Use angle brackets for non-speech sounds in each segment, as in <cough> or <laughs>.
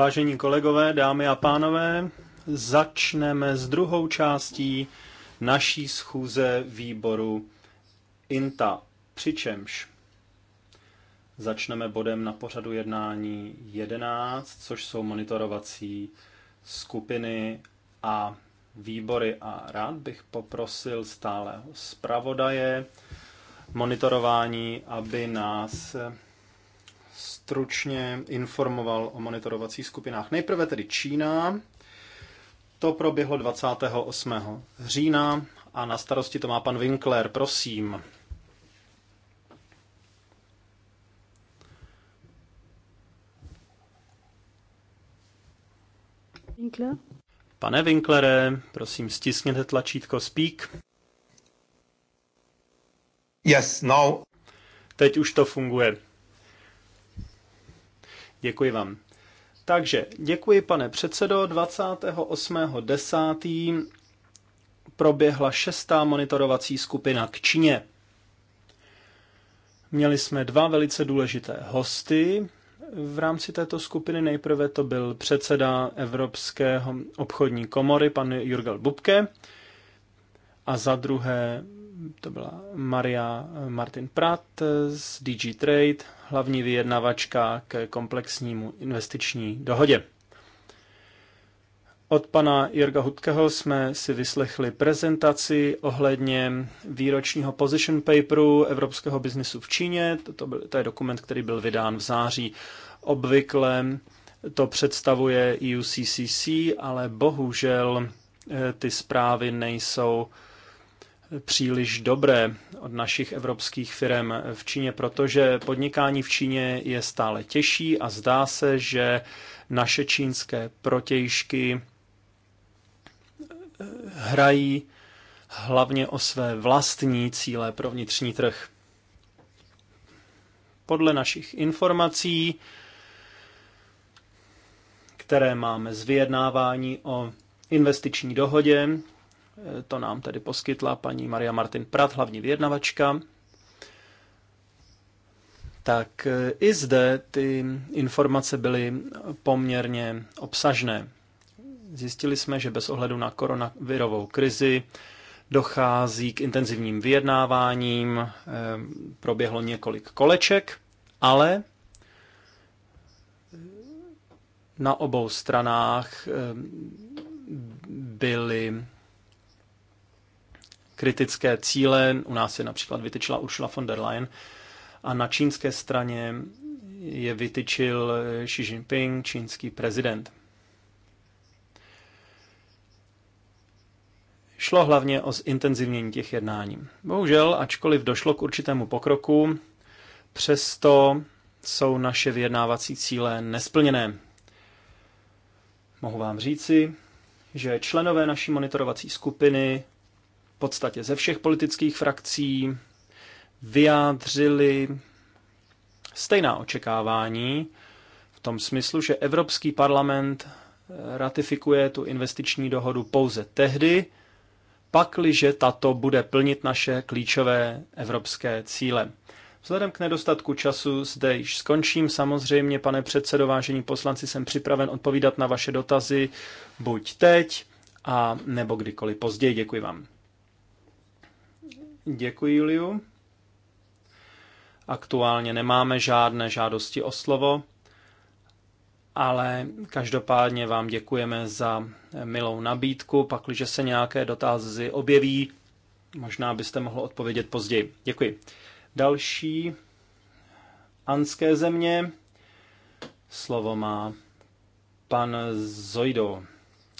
Vážení kolegové, dámy a pánové, začneme s druhou částí naší schůze výboru INTA. Přičemž začneme bodem na pořadu jednání 11, což jsou monitorovací skupiny a výbory. A rád bych poprosil stále zpravodaje monitorování, aby nás stručně informoval o monitorovacích skupinách. Nejprve tedy Čína. To proběhlo 28. října a na starosti to má pan Winkler, prosím. Winkler? Pane Winklere, prosím stiskněte tlačítko Speak. Yes, now. Teď už to funguje. Děkuji vám. Takže děkuji, pane předsedo. 28.10. proběhla šestá monitorovací skupina k Číně. Měli jsme dva velice důležité hosty. V rámci této skupiny nejprve to byl předseda Evropského obchodní komory, pan Jurgel Bubke, a za druhé to byla Maria Martin Prat z DG Trade hlavní vyjednavačka k komplexnímu investiční dohodě. Od pana Jirga Hutkeho jsme si vyslechli prezentaci ohledně výročního position paperu Evropského biznesu v Číně. To, byl, to je dokument, který byl vydán v září. Obvykle to představuje EUCCC, ale bohužel eh, ty zprávy nejsou příliš dobré od našich evropských firm v Číně, protože podnikání v Číně je stále těžší a zdá se, že naše čínské protějšky eh, hrají hlavně o své vlastní cíle pro vnitřní trh. Podle našich informací, které máme z vyjednávání o investiční dohodě, to nám tedy poskytla paní Maria Martin Prat, hlavní vyjednavačka. Tak e, i zde ty informace byly poměrně obsažné. Zjistili jsme, že bez ohledu na koronavirovou krizi dochází k intenzivním vyjednáváním, e, proběhlo několik koleček, ale na obou stranách e, byly kritické cíle. U nás je například vytyčila Ursula von der Leyen a na čínské straně je vytyčil Xi Jinping, čínský prezident. Šlo hlavně o zintenzivnění těch jednání. Bohužel, ačkoliv došlo k určitému pokroku, přesto jsou naše vyjednávací cíle nesplněné. Mohu vám říci, že členové naší monitorovací skupiny podstatě ze všech politických frakcí vyjádřili stejná očekávání v tom smyslu, že Evropský parlament ratifikuje tu investiční dohodu pouze tehdy, pakliže tato bude plnit naše klíčové evropské cíle. Vzhledem k nedostatku času zde již skončím. Samozřejmě, pane předsedo, vážení poslanci, jsem připraven odpovídat na vaše dotazy buď teď, a nebo kdykoliv později. Děkuji vám. Děkuji, Juliu. Aktuálně nemáme žádné žádosti o slovo, ale každopádně vám děkujeme za milou nabídku. Pakliže se nějaké dotazy objeví, možná byste mohl odpovědět později. Děkuji. Další anské země. Slovo má pan Zojdo.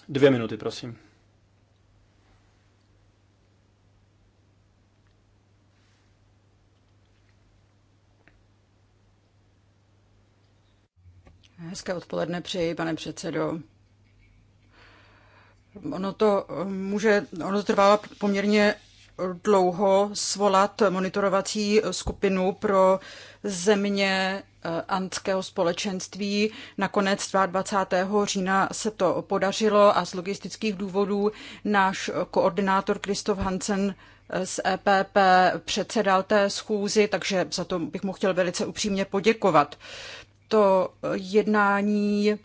Dvě minuty, prosím. Hezké odpoledne přeji, pane předsedo. Ono to může, ono trvá poměrně dlouho svolat monitorovací skupinu pro země eh, antského společenství. Nakonec 22. října se to podařilo a z logistických důvodů náš koordinátor Kristof Hansen eh, z EPP předsedal té schůzi, takže za to bych mu chtěl velice upřímně poděkovat to jednání eh,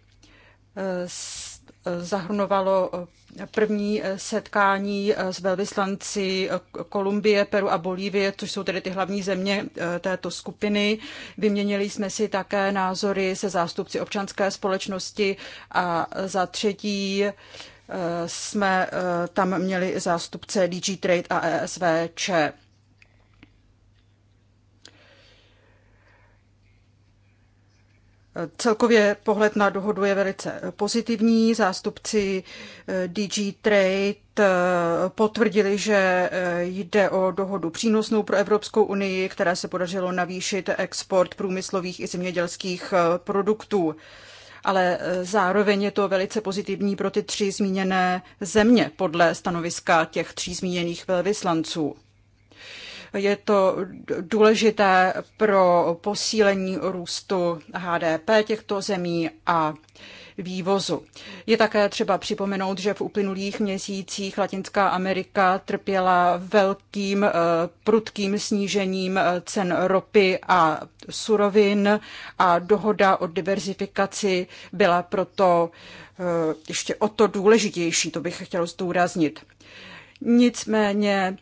eh, zahrnovalo eh, první setkání s velvyslanci Kolumbie, Peru a Bolívie, což jsou tedy ty hlavní země této skupiny. Vyměnili jsme si také názory se zástupci občanské společnosti a za třetí jsme tam měli zástupce DG Trade a ESVČ. Celkově pohled na dohodu je velice pozitivní. Zástupci eh, DG Trade eh, potvrdili, že eh, jde o dohodu přínosnou pro Evropskou unii, která se podařilo navýšit export průmyslových i zemědělských produktů. Ale zároveň je to velice pozitivní pro ty tři zmíněné země podle stanoviska těch tří zmíněných velvyslanců. Je to důležité pro posílení růstu HDP těchto zemí a vývozu. Je také třeba připomenout, že v uplynulých měsících Latinská Amerika trpěla velkým eh, prudkým snížením eh, cen ropy a surovin a dohoda o diverzifikaci byla proto eh, ještě o to důležitější, to bych chtěl zdůraznit. Nicméně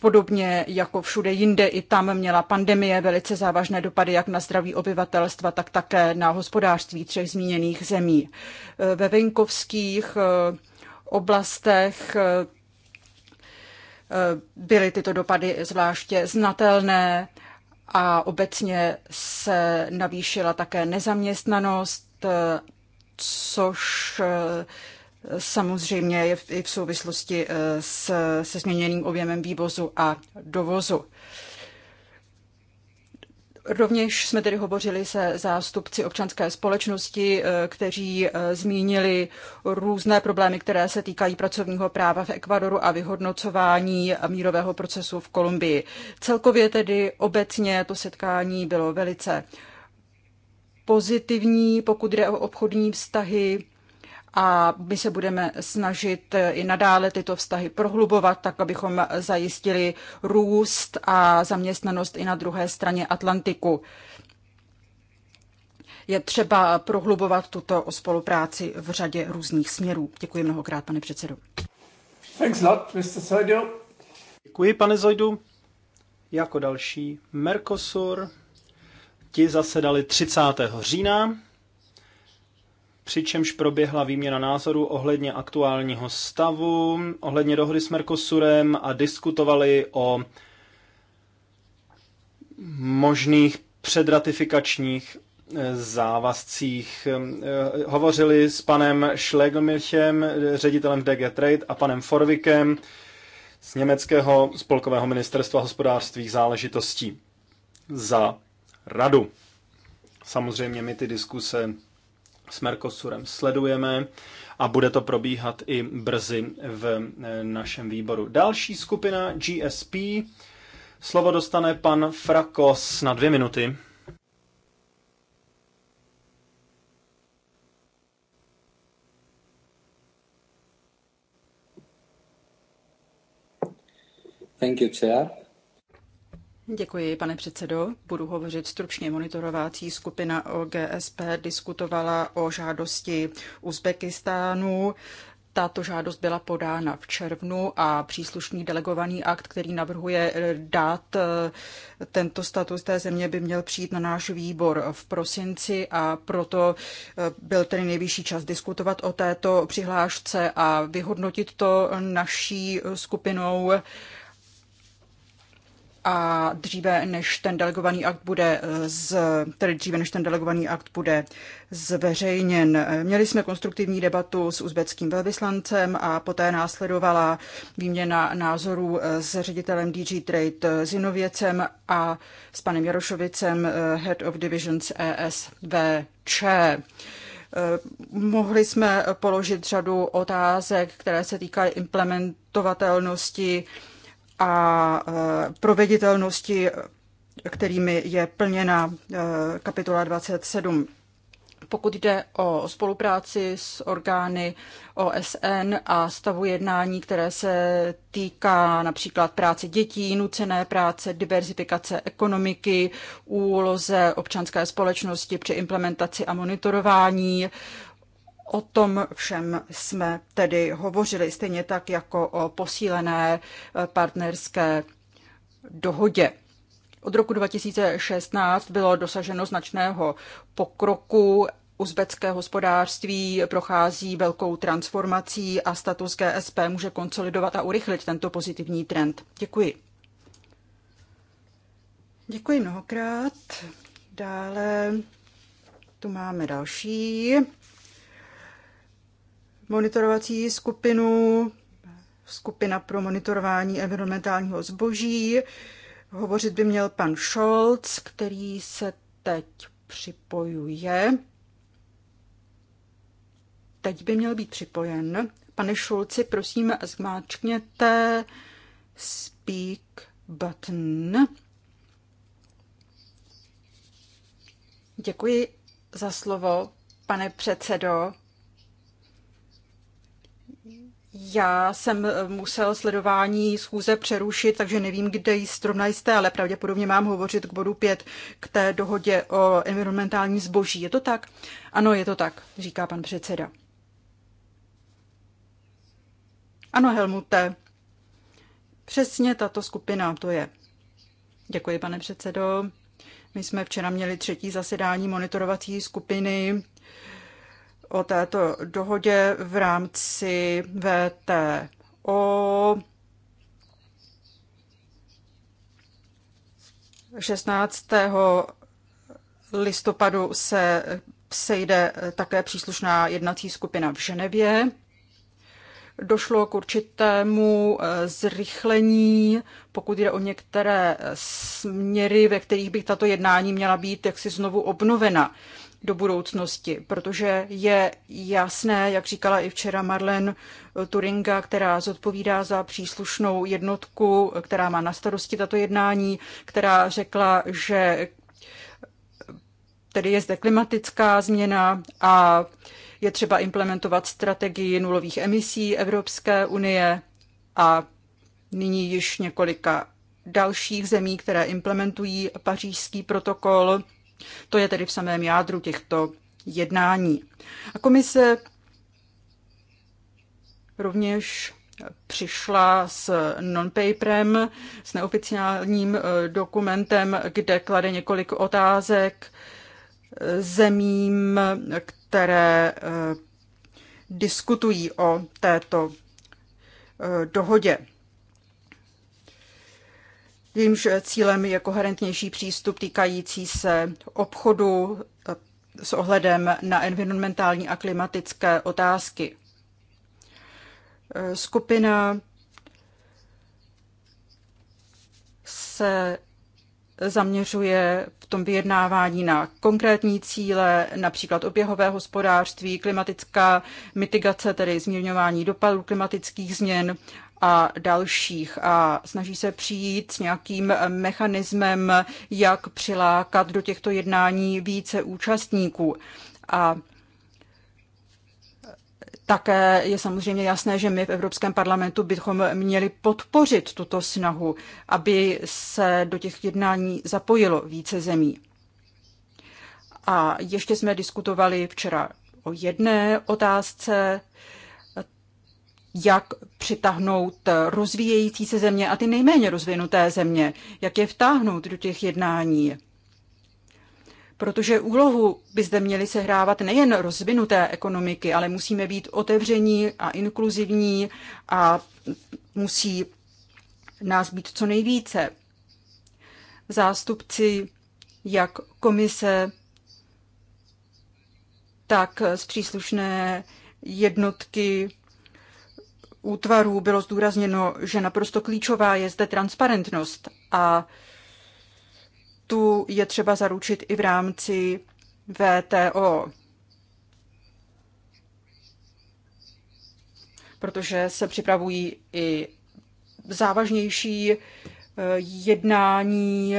Podobně jako všude jinde, i tam měla pandemie velice závažné dopady jak na zdraví obyvatelstva, tak také na hospodářství třech zmíněných zemí. E, ve venkovských e, oblastech e, byly tyto dopady zvláště znatelné a obecně se navýšila také nezaměstnanost, což samozřejmě je i v souvislosti eh, s, se změněným objemem vývozu a dovozu. Rovněž jsme tedy hovořili se zástupci občanské společnosti, eh, kteří eh, zmínili různé problémy, které se týkají pracovního práva v Ekvadoru a vyhodnocování mírového procesu v Kolumbii. Celkově tedy obecně to setkání bylo velice pozitivní, pokud jde o obchodní vztahy a my se budeme snažit i nadále tyto vztahy prohlubovat, tak abychom zajistili růst a zaměstnanost i na druhé straně Atlantiku. Je třeba prohlubovat tuto spolupráci v řadě různých směrů. Děkuji mnohokrát, pane předsedo. Thanks a lot, Mr. Sojdu. Děkuji, pane Zojdu. Jako další Mercosur. Ti zasedali 30. října přičemž proběhla výměna názoru ohledně aktuálního stavu, ohledně dohody s Mercosurem a diskutovali o možných předratifikačních eh, závazcích. Eh, hovořili s panem Schlegelmilchem, ředitelem DG Trade, a panem Forvikem z německého spolkového ministerstva hospodářství záležitostí za radu. Samozřejmě my ty diskuse s Mercosurem sledujeme a bude to probíhat i brzy v eh, našem výboru. Další skupina GSP. Slovo dostane pan Frakos na dvě minuty. Thank you, Chair. Děkuji, pane předsedo. Budu hovořit stručně. Monitorovací skupina OGSP diskutovala o žádosti Uzbekistánu. Tato žádost byla podána v červnu a příslušný delegovaný akt, který navrhuje dát eh, tento status té země, by měl přijít na náš výbor v prosinci a proto eh, byl tedy nejvyšší čas diskutovat o této přihlášce a vyhodnotit to naší eh, skupinou a dříve než ten delegovaný akt bude eh, z, tedy dříve než ten delegovaný akt bude zveřejněn. Měli jsme konstruktivní debatu s uzbeckým velvyslancem a poté následovala výměna názorů eh, s ředitelem DG Trade Zinověcem eh, a s panem Jarošovicem, Head of Divisions ESVČ. Mohli jsme položit řadu otázek, které se týkají implementovatelnosti a eh, proveditelnosti, kterými je plněna eh, kapitola 27. Pokud jde o spolupráci s orgány OSN a stavu jednání, které se týká například práce dětí, nucené práce, diverzifikace ekonomiky, úloze občanské společnosti při implementaci a monitorování, O tom všem jsme tedy hovořili, stejně tak jako o posílené eh, partnerské dohodě. Od roku 2016 bylo dosaženo značného pokroku. Uzbecké hospodářství prochází velkou transformací a status GSP může konsolidovat a urychlit tento pozitivní trend. Děkuji. Děkuji mnohokrát. Dále tu máme další monitorovací skupinu, skupina pro monitorování environmentálního zboží. Hovořit by měl pan Scholz, který se teď připojuje. Teď by měl být připojen. Pane Šulci, prosím, zmáčkněte speak button. Děkuji za slovo, pane předsedo. Já jsem eh, musel sledování schůze přerušit, takže nevím, kde jste jste, ale pravděpodobně mám hovořit k bodu 5, k té dohodě o environmentální zboží. Je to tak? Ano, je to tak, říká pan předseda. Ano, Helmute, přesně tato skupina to je. Děkuji, pane předsedo. My jsme včera měli třetí zasedání monitorovací skupiny o této dohodě v rámci VTO. 16. listopadu se sejde také příslušná jednací skupina v Ženevě došlo k určitému eh, zrychlení, pokud jde o některé eh, směry, ve kterých by tato jednání měla být jaksi znovu obnovena do budoucnosti, protože je jasné, jak říkala i včera Marlen eh, Turinga, která zodpovídá za příslušnou jednotku, která má na starosti tato jednání, která řekla, že tedy je zde klimatická změna a je třeba implementovat strategii nulových emisí Evropské unie a nyní již několika dalších zemí, které implementují pařížský protokol. To je tedy v samém jádru těchto jednání. A komise rovněž přišla s non-paperem, s neoficiálním eh, dokumentem, kde klade několik otázek eh, zemím, které eh, diskutují o této eh, dohodě. Jejímž cílem je koherentnější přístup týkající se obchodu eh, s ohledem na environmentální a klimatické otázky. Skupina se zaměřuje tom vyjednávání na konkrétní cíle, například oběhové hospodářství, klimatická mitigace, tedy zmírňování dopadů klimatických změn a dalších a snaží se přijít s nějakým mechanismem, jak přilákat do těchto jednání více účastníků. A také je samozřejmě jasné, že my v Evropském parlamentu bychom měli podpořit tuto snahu, aby se do těch jednání zapojilo více zemí. A ještě jsme diskutovali včera o jedné otázce, jak přitáhnout rozvíjející se země a ty nejméně rozvinuté země, jak je vtáhnout do těch jednání protože úlohu by zde měly sehrávat nejen rozvinuté ekonomiky, ale musíme být otevření a inkluzivní a musí nás být co nejvíce. Zástupci jak komise, tak z příslušné jednotky útvarů bylo zdůrazněno, že naprosto klíčová je zde transparentnost a tu je třeba zaručit i v rámci VTO. Protože se připravují i závažnější eh, jednání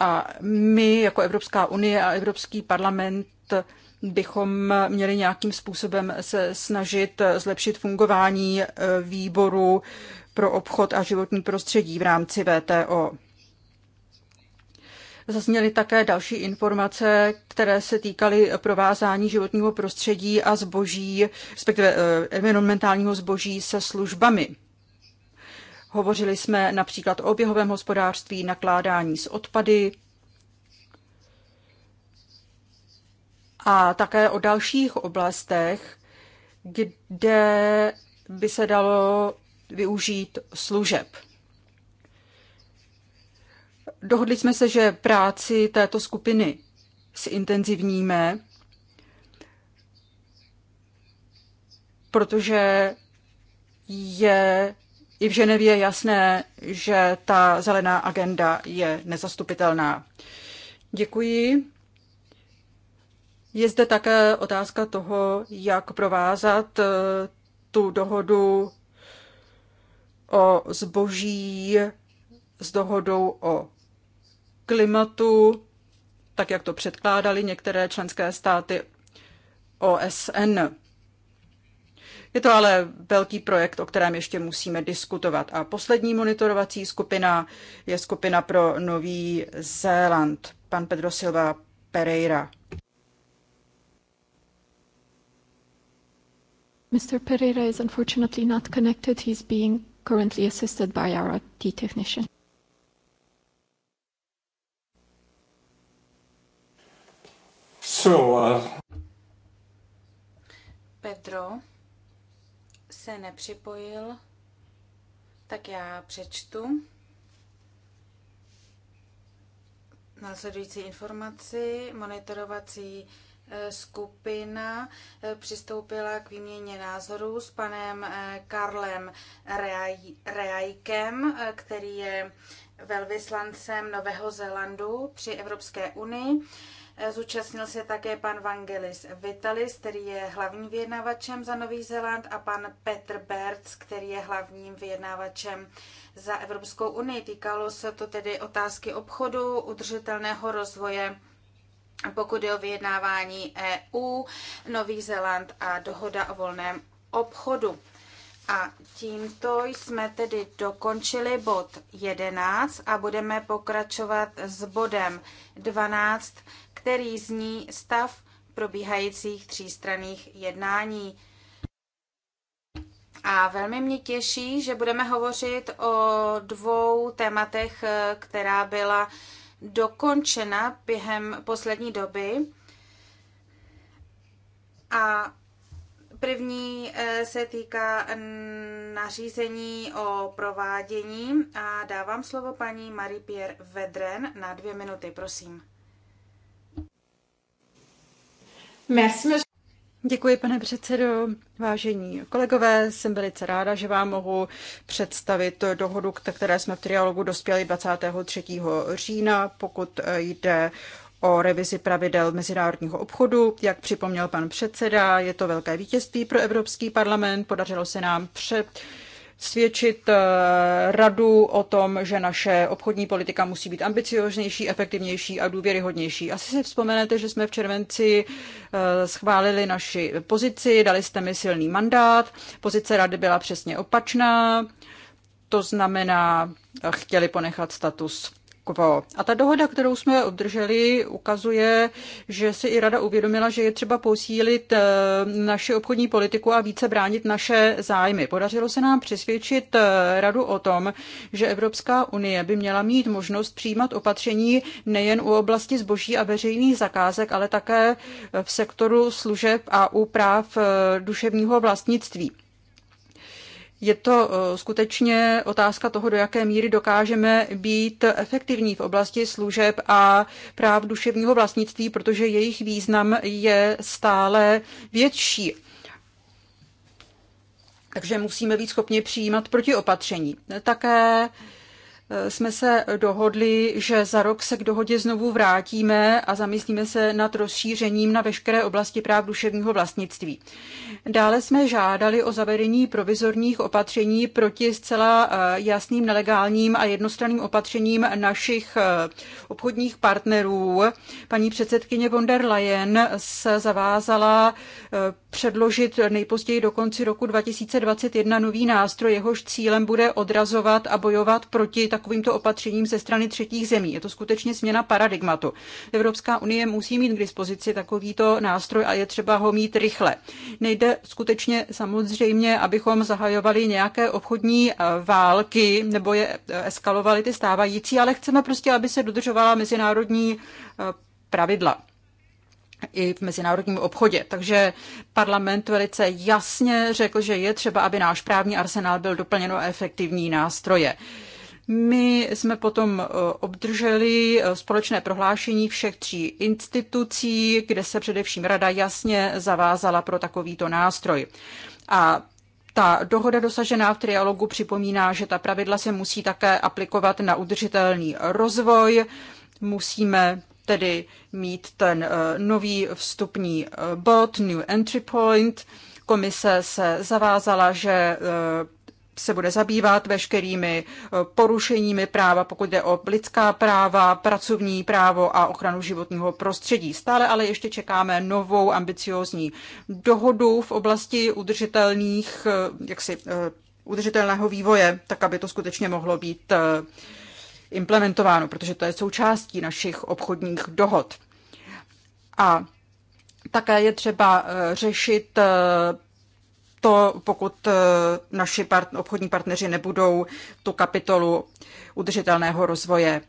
a my jako Evropská unie a Evropský parlament bychom měli nějakým způsobem se snažit zlepšit fungování eh, výboru pro obchod a životní prostředí v rámci VTO. Zazněly také další informace, které se týkaly provázání životního prostředí a zboží, respektive eh, environmentálního zboží se službami. Hovořili jsme například o oběhovém hospodářství, nakládání s odpady a také o dalších oblastech, kde by se dalo využít služeb. Dohodli jsme se, že práci této skupiny zintenzivníme, protože je i v Ženevě jasné, že ta zelená agenda je nezastupitelná. Děkuji. Je zde také otázka toho, jak provázat eh, tu dohodu o zboží s dohodou o klimatu, tak jak to předkládali některé členské státy OSN. Je to ale velký projekt, o kterém ještě musíme diskutovat. A poslední monitorovací skupina je skupina pro Nový Zéland. Pan Pedro Silva Pereira. Mr. Pereira is unfortunately not connected. He's being currently assisted by our IT technician. So, uh... Pedro se nepřipojil, tak já přečtu následující informaci. Monitorovací e, skupina e, přistoupila k výměně názorů s panem e, Karlem Reajkem, který je velvyslancem Nového Zélandu při Evropské unii. Eh, zúčastnil se také pan Vangelis Vitalis, který je hlavním vyjednavačem za Nový Zéland a pan Petr Berts, který je hlavním vyjednavačem za Evropskou unii. Týkalo se to tedy otázky obchodu, udržitelného rozvoje, pokud je o vyjednávání EU, Nový Zéland a dohoda o volném obchodu. A tímto jsme tedy dokončili bod 11 a budeme pokračovat s bodem 12, který zní stav probíhajících třístranných jednání. A velmi mě těší, že budeme hovořit o dvou tématech, která byla dokončena během poslední doby. A První eh, se týká nařízení o provádění a dávám slovo paní Marie-Pierre Vedren na dvě minuty, prosím. Děkuji, pane předsedo. Vážení kolegové, jsem velice ráda, že vám mohu představit dohodu, které jsme v trialogu dospěli 23. října, pokud eh, jde o revizi pravidel mezinárodního obchodu. Jak připomněl pan předseda, je to velké vítězství pro Evropský parlament. Podařilo se nám před svědčit eh, radu o tom, že naše obchodní politika musí být ambicioznější, efektivnější a důvěryhodnější. Asi si vzpomenete, že jsme v červenci eh, schválili naši pozici, dali jste mi silný mandát. Pozice rady byla přesně opačná, to znamená, eh, chtěli ponechat status quo. A ta dohoda, kterou jsme obdrželi, ukazuje, že si i rada uvědomila, že je třeba posílit eh, naši obchodní politiku a více bránit naše zájmy. Podařilo se nám přesvědčit eh, radu o tom, že Evropská unie by měla mít možnost přijímat opatření nejen u oblasti zboží a veřejných zakázek, ale také v sektoru služeb a u práv eh, duševního vlastnictví. Je to eh, skutečně otázka toho, do jaké míry dokážeme být efektivní v oblasti služeb a práv duševního vlastnictví, protože jejich význam je stále větší. Takže musíme být schopni přijímat protiopatření. Také jsme se dohodli, že za rok se k dohodě znovu vrátíme a zamyslíme se nad rozšířením na veškeré oblasti práv duševního vlastnictví. Dále jsme žádali o zavedení provizorních opatření proti zcela eh, jasným nelegálním a jednostranným opatřením našich eh, obchodních partnerů. Paní předsedkyně von der Leyen se zavázala eh, předložit nejpozději do konci roku 2021 nový nástroj, jehož cílem bude odrazovat a bojovat proti tak takovýmto opatřením ze strany třetích zemí. Je to skutečně změna paradigmatu. Evropská unie musí mít k dispozici takovýto nástroj a je třeba ho mít rychle. Nejde skutečně samozřejmě, abychom zahajovali nějaké obchodní eh, války nebo je eh, eskalovali ty stávající, ale chceme prostě, aby se dodržovala mezinárodní eh, pravidla i v mezinárodním obchodě. Takže parlament velice jasně řekl, že je třeba, aby náš právní arsenál byl doplněno efektivní nástroje. My jsme potom eh, obdrželi eh, společné prohlášení všech tří institucí, kde se především rada jasně zavázala pro takovýto nástroj. A ta dohoda dosažená v trialogu připomíná, že ta pravidla se musí také aplikovat na udržitelný rozvoj. Musíme tedy mít ten eh, nový vstupní bod, New Entry Point. Komise se zavázala, že se bude zabývat veškerými eh, porušeními práva, pokud jde o lidská práva, pracovní právo a ochranu životního prostředí. Stále ale ještě čekáme novou ambiciózní dohodu v oblasti udržitelných, eh, jaksi, eh, udržitelného vývoje, tak aby to skutečně mohlo být implementováno, protože to je součástí našich obchodních dohod. A také je třeba řešit to, pokud e, naši part, obchodní partneři nebudou tu kapitolu udržitelného rozvoje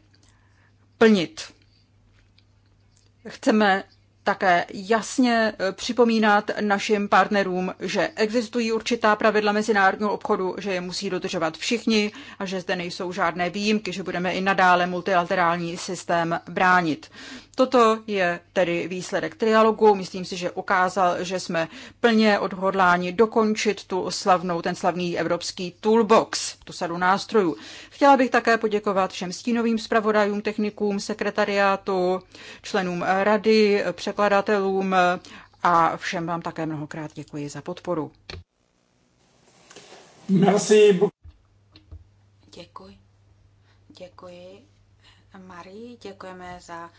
plnit. Chceme také jasně e, připomínat našim partnerům, že existují určitá pravidla mezinárodního obchodu, že je musí dodržovat všichni a že zde nejsou žádné výjimky, že budeme i nadále multilaterální systém bránit. Toto je tedy výsledek trialogu. Myslím si, že ukázal, že jsme plně odhodláni dokončit tu slavnou, ten slavný evropský toolbox, tu sadu nástrojů. Chtěla bych také poděkovat všem stínovým zpravodajům, technikům, sekretariátu, členům rady, překladatelům a všem vám také mnohokrát děkuji za podporu. Merci. Děkuji. Děkuji. Marie, děkujeme za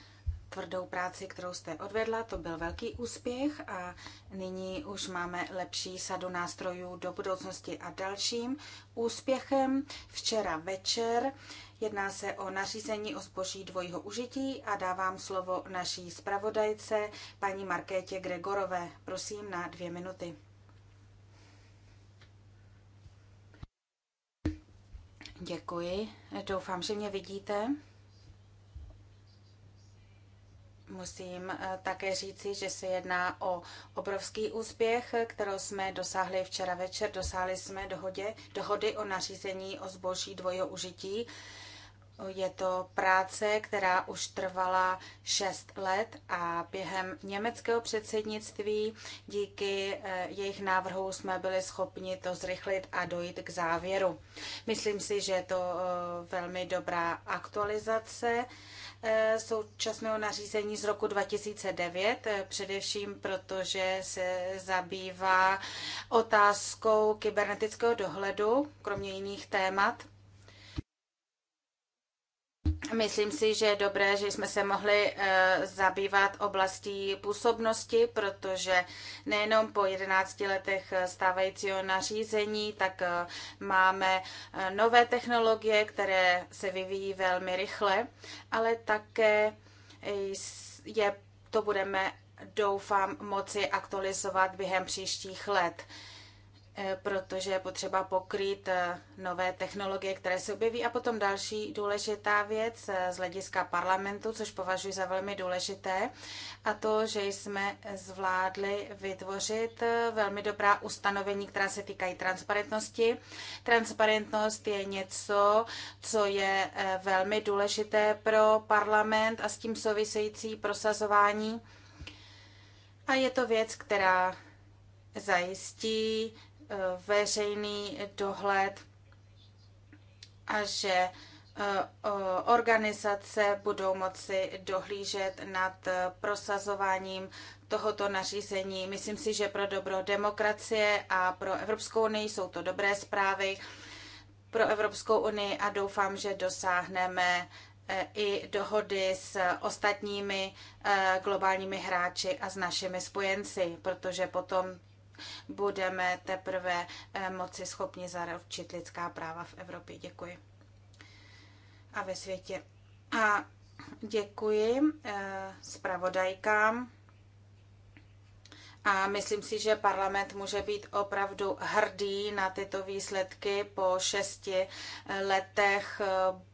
tvrdou práci, kterou jste odvedla. To byl velký úspěch a nyní už máme lepší sadu nástrojů do budoucnosti a dalším úspěchem včera večer. Jedná se o nařízení o zboží dvojího užití a dávám slovo naší zpravodajce, paní Markétě Gregorové. Prosím na dvě minuty. Děkuji. Doufám, že mě vidíte. Musím eh, také říci, že se jedná o obrovský úspěch, kterou jsme dosáhli včera večer. Dosáhli jsme dohodě, dohody o nařízení o zboží dvojho užití. Je to práce, která už trvala 6 let a během německého předsednictví díky eh, jejich návrhu jsme byli schopni to zrychlit a dojít k závěru. Myslím si, že je to eh, velmi dobrá aktualizace Eh, současného nařízení z roku 2009, eh, především protože se zabývá otázkou kybernetického dohledu, kromě jiných témat. Myslím si, že je dobré, že jsme se mohli eh, zabývat oblastí působnosti, protože nejenom po 11 letech eh, stávajícího nařízení, tak eh, máme nové technologie, které se vyvíjí velmi rychle, ale také je, to budeme, doufám, moci aktualizovat během příštích let. Eh, protože je potřeba pokrýt eh, nové technologie, které se objeví. A potom další důležitá věc eh, z hlediska parlamentu, což považuji za velmi důležité, a to, že jsme zvládli vytvořit velmi dobrá ustanovení, která se týkají transparentnosti. Transparentnost je něco, co je velmi důležité pro parlament a s tím související prosazování. A je to věc, která zajistí Eh, veřejný dohled a že eh, organizace budou moci dohlížet nad eh, prosazováním tohoto nařízení. Myslím si, že pro dobro demokracie a pro Evropskou unii jsou to dobré zprávy pro Evropskou unii a doufám, že dosáhneme i dohody s ostatními globálními hráči a s našimi spojenci, protože potom budeme teprve eh, moci schopni zaručit lidská práva v Evropě. Děkuji. A ve světě. A děkuji eh, zpravodajkám. A myslím si, že parlament může být opravdu hrdý na tyto výsledky po šesti eh, letech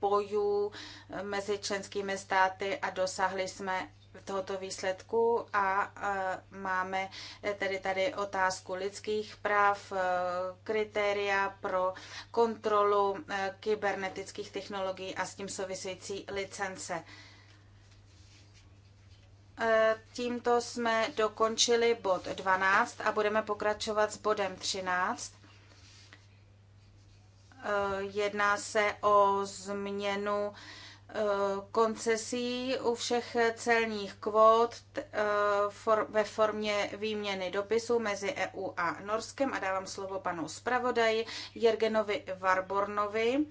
bojů mezi členskými státy a dosáhli jsme tohoto výsledku a máme eh, tedy tady otázku lidských práv, eh, kritéria pro kontrolu eh, kybernetických technologií a s tím související licence. Tímto jsme dokončili bod 12 a budeme pokračovat s bodem 13. Jedná se o změnu Eh, koncesí u všech celních kvót eh, ve formě výměny dopisů mezi EU a Norskem a dávám slovo panu zpravodaji Jergenovi Varbornovi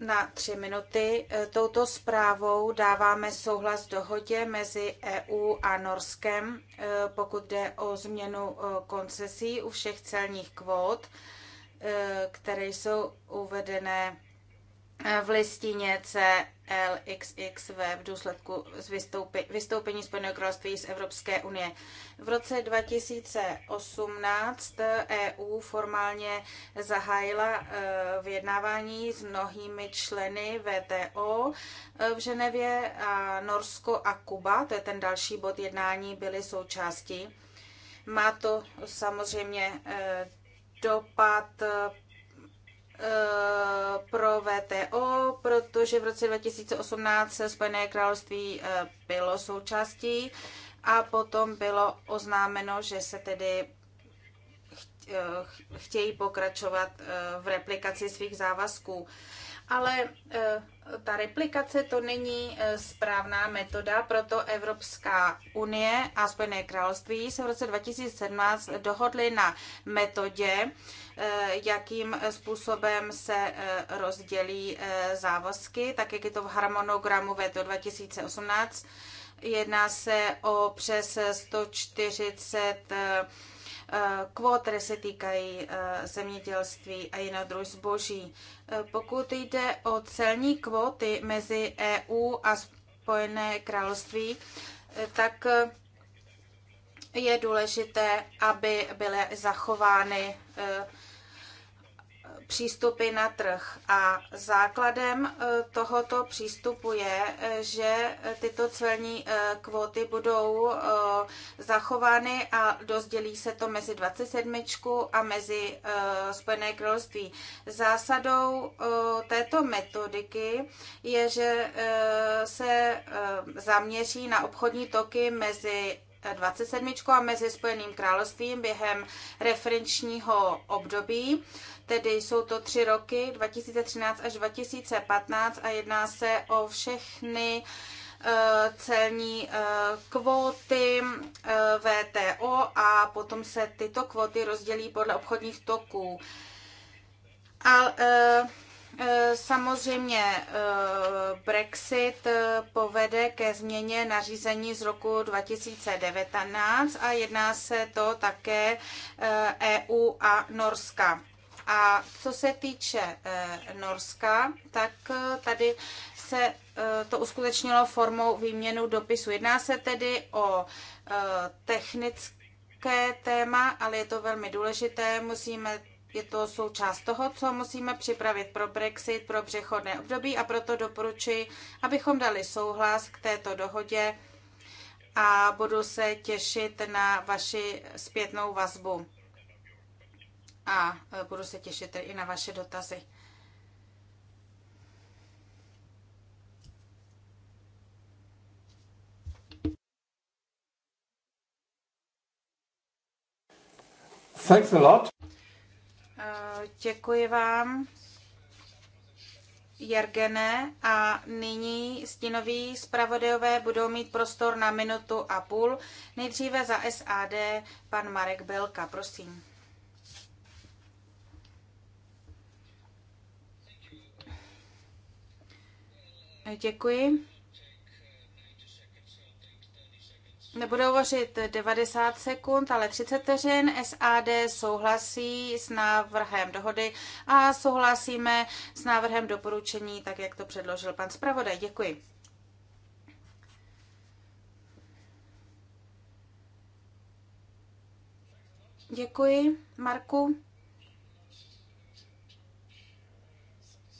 na tři minuty. Eh, touto zprávou dáváme souhlas dohodě mezi EU a Norskem, pokud jde o změnu koncesí u všech celních kvót, které jsou uvedené Eh, v listině CLXXV v důsledku z vystoupi, vystoupení Spojeného království z Evropské unie. V roce 2018 EU formálně zahájila eh, vyjednávání s mnohými členy VTO eh, v Ženevě a Norsko a Kuba, to je ten další bod jednání, byly součástí. Má to samozřejmě dopad Eh, pro VTO, protože v roce 2018 Spojené království eh, bylo součástí a potom bylo oznámeno, že se tedy Eh, chtějí pokračovat eh, v replikaci svých závazků. Ale eh, ta replikace to není správná metoda, proto Evropská unie a Spojené království se v roce 2017 dohodly na metodě, jakým způsobem se rozdělí závazky, tak jak je to v harmonogramu VETO 2018. Jedná se o přes 140 Eh, kvót, které se týkají eh, zemědělství a jiného druhu zboží. Eh, pokud jde o celní kvóty mezi EU a Spojené království, tak je důležité, aby byly zachovány přístupy na trh. A základem eh, tohoto přístupu je, eh, že tyto celní eh, kvóty budou zachovány a dozdělí se to mezi 27 a mezi Spojené království. Zásadou této metodiky je, že se zaměří na obchodní toky mezi 27 a mezi Spojeným královstvím během referenčního období Tedy jsou to tři roky, 2013 až 2015 a jedná se o všechny eh, celní eh, kvóty eh, VTO a potom se tyto kvóty rozdělí podle obchodních toků. A Samozřejmě Brexit povede ke změně nařízení z roku 2019 a jedná se to také EU e a Norska. A co se týče eh, Norska, tak eh, tady se eh, to uskutečnilo formou výměnu dopisu. Jedná se tedy o technické téma, ale je to velmi důležité. Musíme je to součást toho, co musíme připravit pro Brexit, pro přechodné období a proto doporučuji, abychom dali souhlas k této dohodě a budu se těšit na vaši zpětnou vazbu a e, budu se těšit i na vaše dotazy. Thanks a lot. E, děkuji vám, Jergene. A nyní stínoví zpravodajové budou mít prostor na minutu a půl. Nejdříve za SAD pan Marek Belka, prosím. Děkuji. Nebudu hovořit 90 sekund, ale 30 vteřin. SAD souhlasí s návrhem dohody a souhlasíme s návrhem doporučení, tak jak to předložil pan zpravodaj. Děkuji. Děkuji, Marku.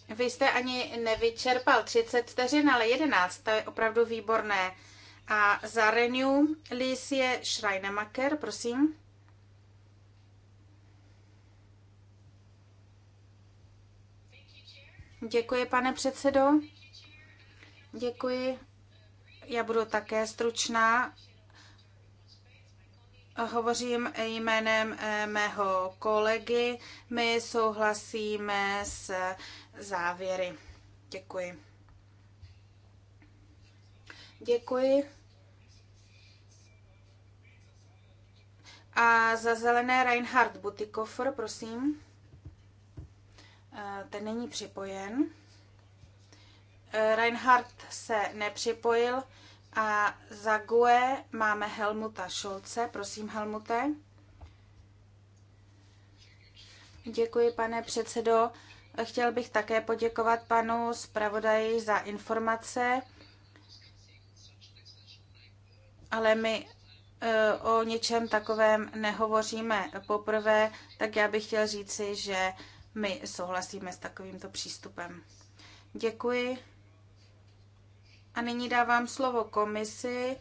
Vy jste ani nevyčerpal 30 vteřin, ale 11, to je opravdu výborné. A za Renew Lisie Schreinemacher, prosím. Děkuji, pane předsedo. Děkuji. Já budu také stručná. Hovořím jménem eh, mého kolegy. My souhlasíme s eh, závěry. Děkuji. Děkuji. A za zelené Reinhard Butikofer, prosím. Eh, ten není připojen. Reinhard se nepřipojil. A za GUE máme Helmuta Šolce. Prosím, Helmute. Děkuji, pane předsedo. Chtěl bych také poděkovat panu zpravodaji za informace, ale my e, o něčem takovém nehovoříme poprvé, tak já bych chtěl říci, že my souhlasíme s takovýmto přístupem. Děkuji. A nyní dávám slovo komisi.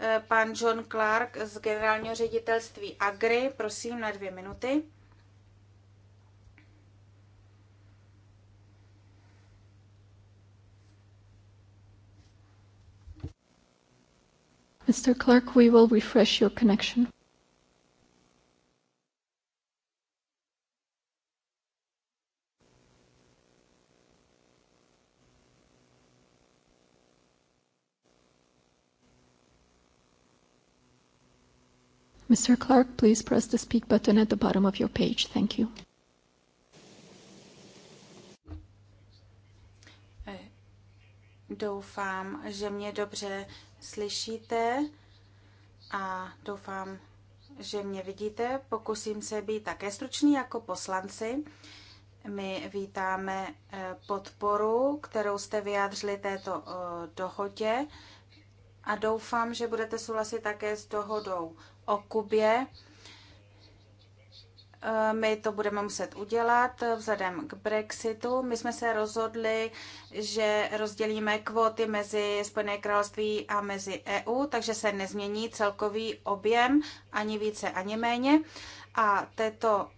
Eh, pan John Clark z generálního ředitelství Agri, prosím na dvě minuty. Mr. Clark, we will refresh your connection. Mr. Clark, please press the speak button at the bottom of your page. Thank you. Doufám, že mě dobře slyšíte a doufám, že mě vidíte. Pokusím se být také stručný jako poslanci. My vítáme eh, podporu, kterou jste vyjádřili této eh, dohodě a doufám, že budete souhlasit také s dohodou o Kubě. E, my to budeme muset udělat vzhledem k Brexitu. My jsme se rozhodli, že rozdělíme kvóty mezi Spojené království a mezi EU, takže se nezmění celkový objem ani více, ani méně. A této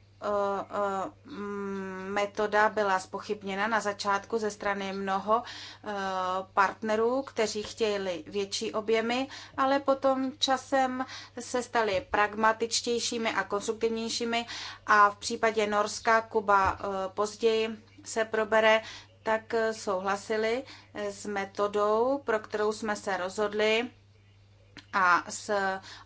Mm, metoda byla spochybněna na začátku ze strany mnoho partnerů, kteří chtěli větší objemy, ale potom časem se stali pragmatičtějšími a konstruktivnějšími a v případě Norska, Kuba později se probere, tak souhlasili s metodou, pro kterou jsme se rozhodli a s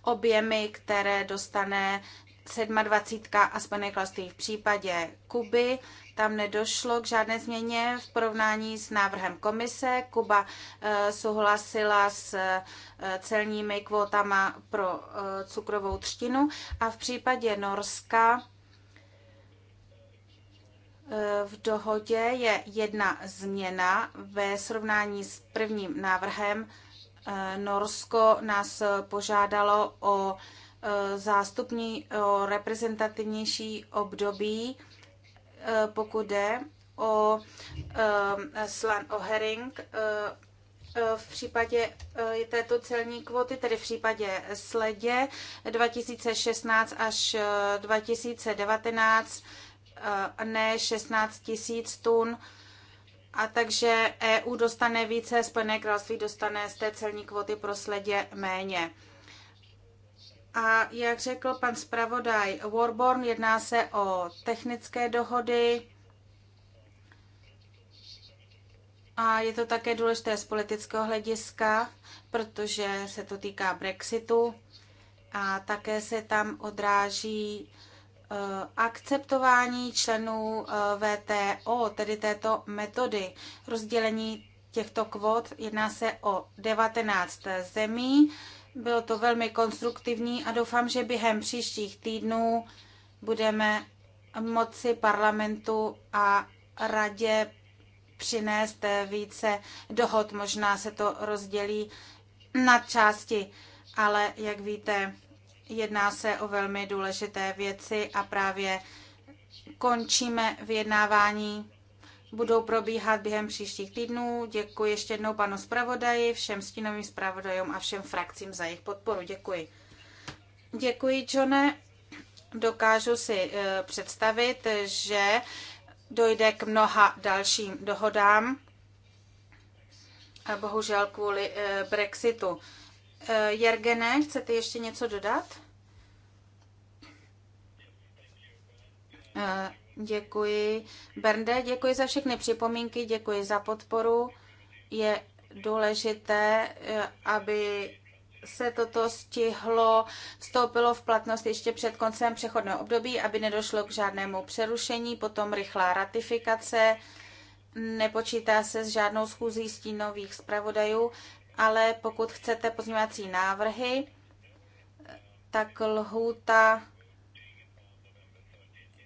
objemy, které dostane 27. a Spojené V případě Kuby tam nedošlo k žádné změně v porovnání s návrhem komise. Kuba eh, souhlasila s eh, celními kvótama pro eh, cukrovou třtinu a v případě Norska v dohodě je jedna změna ve srovnání s prvním návrhem. Norsko nás požádalo o Eh, zástupní o reprezentativnější období, eh, pokud jde o, eh, slan, o herring, v případě této celní kvoty, tedy v případě sledě 2016 až 2019, ne 16 tisíc tun, a takže EU dostane více, Spojené království dostane z té celní kvoty pro sledě méně. A jak řekl pan zpravodaj Warborn, jedná se o technické dohody a je to také důležité z politického hlediska, protože se to týká Brexitu a také se tam odráží eh, akceptování členů eh, VTO, tedy této metody rozdělení těchto kvot. Jedná se o 19 zemí bylo to velmi konstruktivní a doufám, že během příštích týdnů budeme moci parlamentu a radě přinést eh, více dohod. Možná se to rozdělí na části, ale jak víte, jedná se o velmi důležité věci a právě končíme vyjednávání budou probíhat během příštích týdnů. Děkuji ještě jednou panu zpravodaji, všem stínovým zpravodajům a všem frakcím za jejich podporu. Děkuji. Děkuji, Johne. Dokážu si eh, představit, že dojde k mnoha dalším dohodám, bohužel kvůli eh, Brexitu. Eh, Jergene, chcete ještě něco dodat? Děkuji. Bernde, děkuji za všechny připomínky, děkuji za podporu. Je důležité, eh, aby se toto stihlo, vstoupilo v platnost ještě před koncem přechodného období, aby nedošlo k žádnému přerušení, potom rychlá ratifikace, nepočítá se s žádnou schůzí stínových zpravodajů, ale pokud chcete pozměňovací návrhy, tak lhůta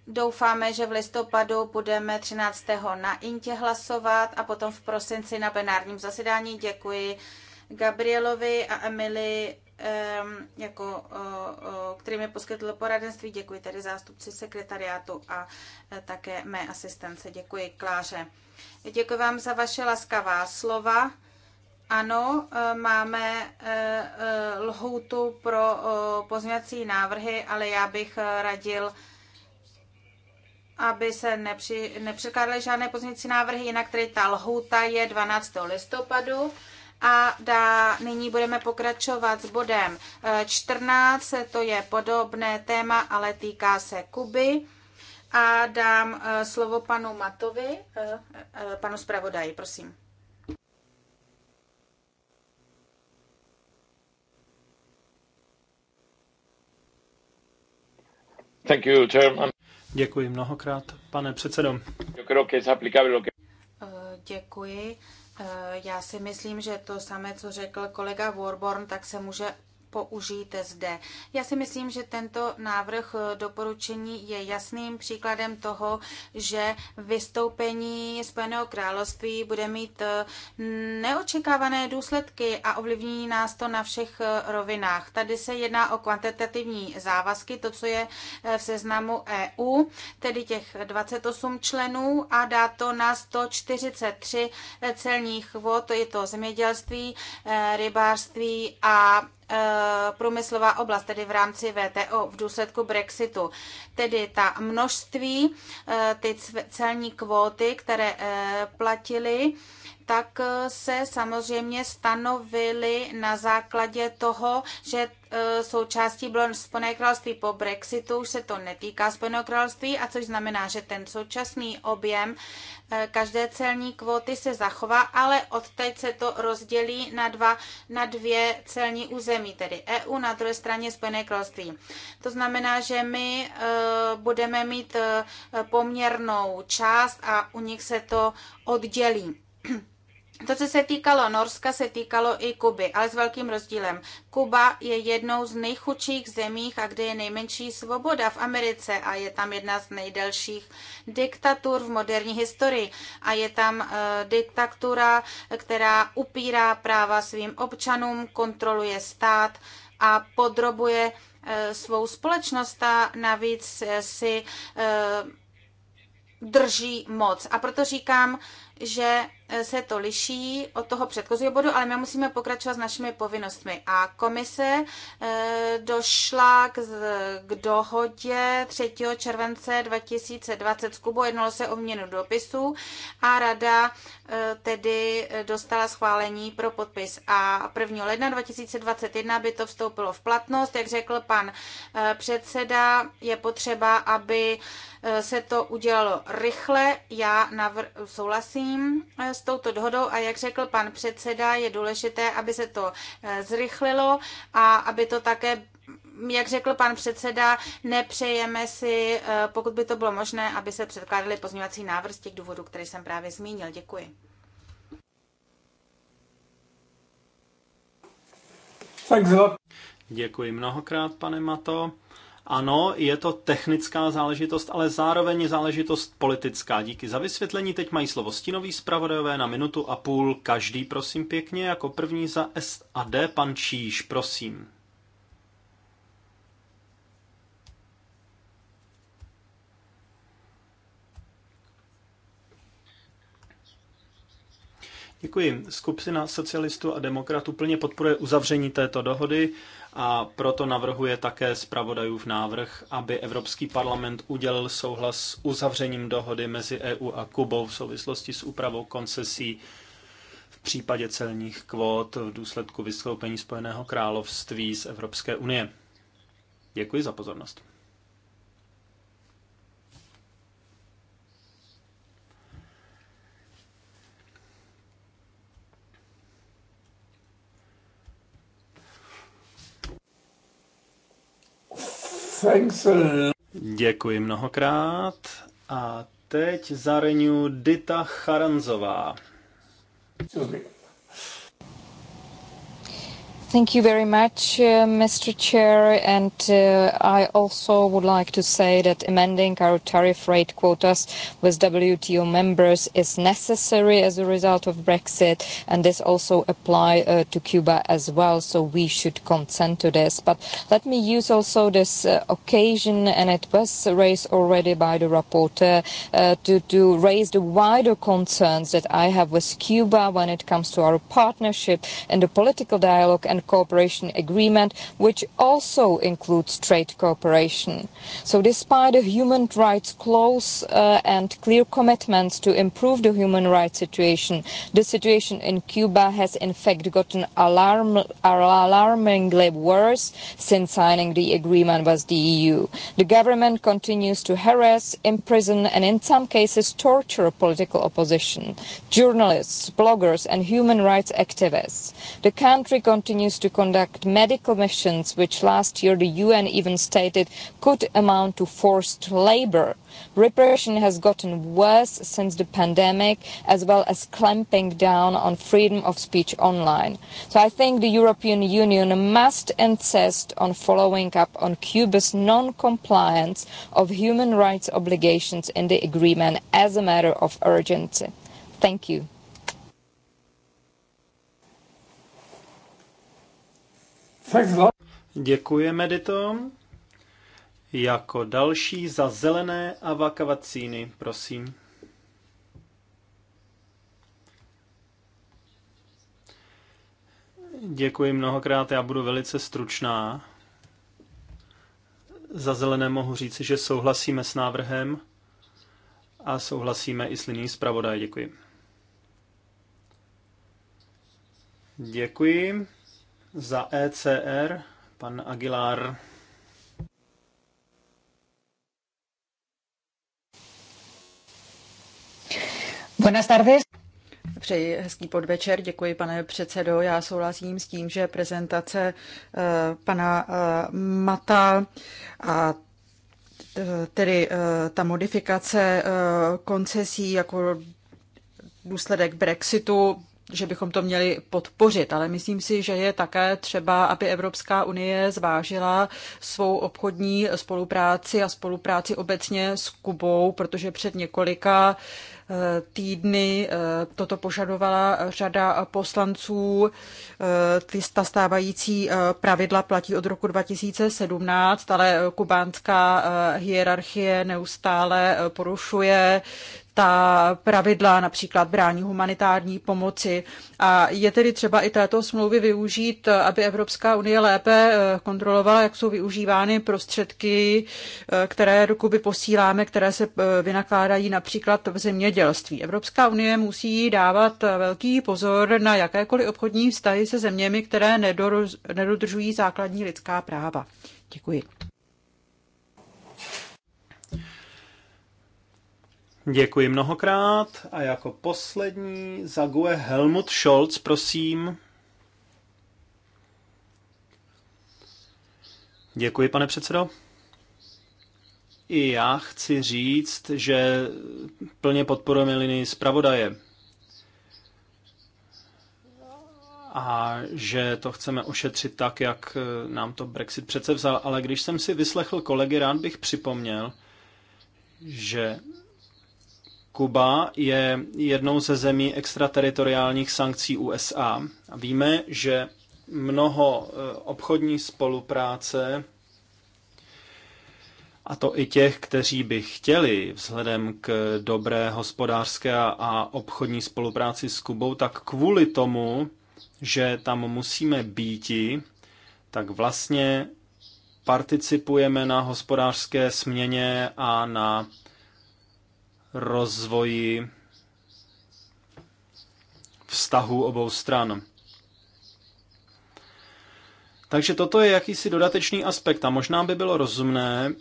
Doufáme, že v listopadu budeme 13. na Intě hlasovat a potom v prosinci na plenárním zasedání. Děkuji Gabrielovi a Emily, jako, který mi poskytl poradenství. Děkuji tedy zástupci sekretariátu a e, také mé asistence. Děkuji Kláře. Děkuji vám za vaše laskavá slova. Ano, e, máme e, lhoutu pro pozměňovací návrhy, ale já bych radil, aby se nepři, nepřekládaly žádné pozměnící návrhy, jinak tedy ta lhůta je 12. listopadu. A dá, nyní budeme pokračovat s bodem 14, eh, to je podobné téma, ale týká se Kuby. A dám eh, slovo panu Matovi, eh, panu zpravodaji, prosím. Thank you, Chairman. Děkuji mnohokrát, pane předsedo. Eh, děkuji. Eh, já si myslím, že to samé, co řekl kolega Warborn, tak se může použít zde. Já si myslím, že tento návrh doporučení je jasným příkladem toho, že vystoupení Spojeného království bude mít eh, neočekávané důsledky a ovlivní nás to na všech eh, rovinách. Tady se jedná o kvantitativní závazky, to, co je eh, v seznamu EU, tedy těch 28 členů a dá to na 143 celních vod, je to zemědělství, rybářství a Eh, průmyslová oblast, tedy v rámci VTO v důsledku Brexitu. Tedy ta množství, eh, ty celní kvóty, které eh, platily, tak eh, se samozřejmě stanovily na základě toho, že eh, součástí bylo Spojené království po Brexitu, už se to netýká Spojeného království, a což znamená, že ten současný objem eh, každé celní kvóty se zachová, ale odteď se to rozdělí na, dva, na dvě celní území, tedy EU na druhé straně Spojené království. To znamená, že my budeme mít poměrnou část a u nich se to oddělí. To, co se týkalo Norska, se týkalo i Kuby, ale s velkým rozdílem. Kuba je jednou z nejchudších zemích a kde je nejmenší svoboda v Americe a je tam jedna z nejdelších diktatur v moderní historii. A je tam uh, diktatura, která upírá práva svým občanům, kontroluje stát a podrobuje uh, svou společnost a navíc eh, si uh, drží moc. A proto říkám, uh, že eh, se to liší od toho předchozího bodu, ale my musíme pokračovat s našimi povinnostmi. A komise eh, došla k, k dohodě 3. července 2020 z Kubu, jednalo se o měnu dopisu a rada eh, tedy dostala schválení pro podpis. A 1. ledna 2021 by to vstoupilo v platnost. Jak řekl pan předseda, je potřeba, aby se to udělalo rychle. Já navr- souhlasím souhlasím eh, s touto dohodou a jak řekl pan předseda, je důležité, aby se to eh, zrychlilo a aby to také jak řekl pan předseda, nepřejeme si, eh, pokud by to bylo možné, aby se předkládaly pozměňovací návrh z těch důvodů, které jsem právě zmínil. Děkuji. Děkuji mnohokrát, pane Mato. Ano, je to technická záležitost, ale zároveň záležitost politická. Díky za vysvětlení. Teď mají slovo stínový zpravodajové na minutu a půl. Každý, prosím pěkně, jako první za S a D, pan Číž, prosím. Děkuji. Skupina socialistů a demokratů plně podporuje uzavření této dohody a proto navrhuje také zpravodajův návrh, aby Evropský parlament udělil souhlas s uzavřením dohody mezi EU a Kubou v souvislosti s úpravou koncesí v případě celních kvót v důsledku vystoupení Spojeného království z Evropské unie. Děkuji za pozornost. Thanks Děkuji mnohokrát. A teď zareňu Dita Charanzová. Excuse Thank you very much, uh, Mr. Chair. And uh, I also would like to say that amending our tariff rate quotas with WTO members is necessary as a result of Brexit. And this also applies uh, to Cuba as well. So we should consent to this. But let me use also this uh, occasion, and it was raised already by the rapporteur, uh, to, to raise the wider concerns that I have with Cuba when it comes to our partnership and the political dialogue. And and Cooperation Agreement, which also includes trade cooperation. So despite the human rights clause uh, and clear commitments to improve the human rights situation, the situation in Cuba has in fact gotten alarm, alarmingly worse since signing the agreement with the EU. The government continues to harass, imprison and in some cases torture political opposition, journalists, bloggers and human rights activists. The country continues continues to conduct medical missions, which last year the UN even stated could amount to forced labor. Repression has gotten worse since the pandemic, as well as clamping down on freedom of speech online. So I think the European Union must insist on following up on Cuba's non-compliance of human rights obligations in the agreement as a matter of urgency. Thank you. Děkujeme, Dito. Jako další za zelené avakavacíny, prosím. Děkuji mnohokrát, já budu velice stručná. Za zelené mohu říci, že souhlasíme s návrhem a souhlasíme i s liní zpravodaje. Děkuji. Děkuji. Za ECR pan Aguilar. Buenas tardes. Přeji hezký podvečer, děkuji pane předsedo. Já souhlasím s tím, že prezentace eh, pana eh, Mata a tedy eh, ta modifikace koncesí jako důsledek Brexitu že bychom to měli podpořit, ale myslím si, že je také třeba, aby Evropská unie zvážila svou obchodní spolupráci a spolupráci obecně s Kubou, protože před několika eh, týdny eh, toto požadovala řada poslanců. Eh, ty stávající pravidla platí od roku 2017, ale kubánská hierarchie neustále porušuje ta pravidla například brání humanitární pomoci. A je tedy třeba i této smlouvy využít, aby Evropská unie lépe eh, kontrolovala, jak jsou využívány prostředky, eh, které do Kuby posíláme, které se eh, vynakládají například v zemědělství. Evropská unie musí dávat velký pozor na jakékoliv obchodní vztahy se zeměmi, které nedodržují základní lidská práva. Děkuji. Děkuji mnohokrát a jako poslední zaguje Helmut Scholz, prosím. Děkuji, pane předsedo. I já chci říct, že plně podporujeme linii zpravodaje a že to chceme ošetřit tak, jak nám to Brexit přece vzal. Ale když jsem si vyslechl kolegy, rád bych připomněl, že Kuba je jednou ze zemí extrateritoriálních sankcí USA. Víme, že mnoho eh, obchodní spolupráce, a to i těch, kteří by chtěli vzhledem k dobré hospodářské a obchodní spolupráci s Kubou, tak kvůli tomu, že tam musíme býti, tak vlastně participujeme na hospodářské směně a na rozvoji vztahu obou stran. Takže toto je jakýsi dodatečný aspekt a možná by bylo rozumné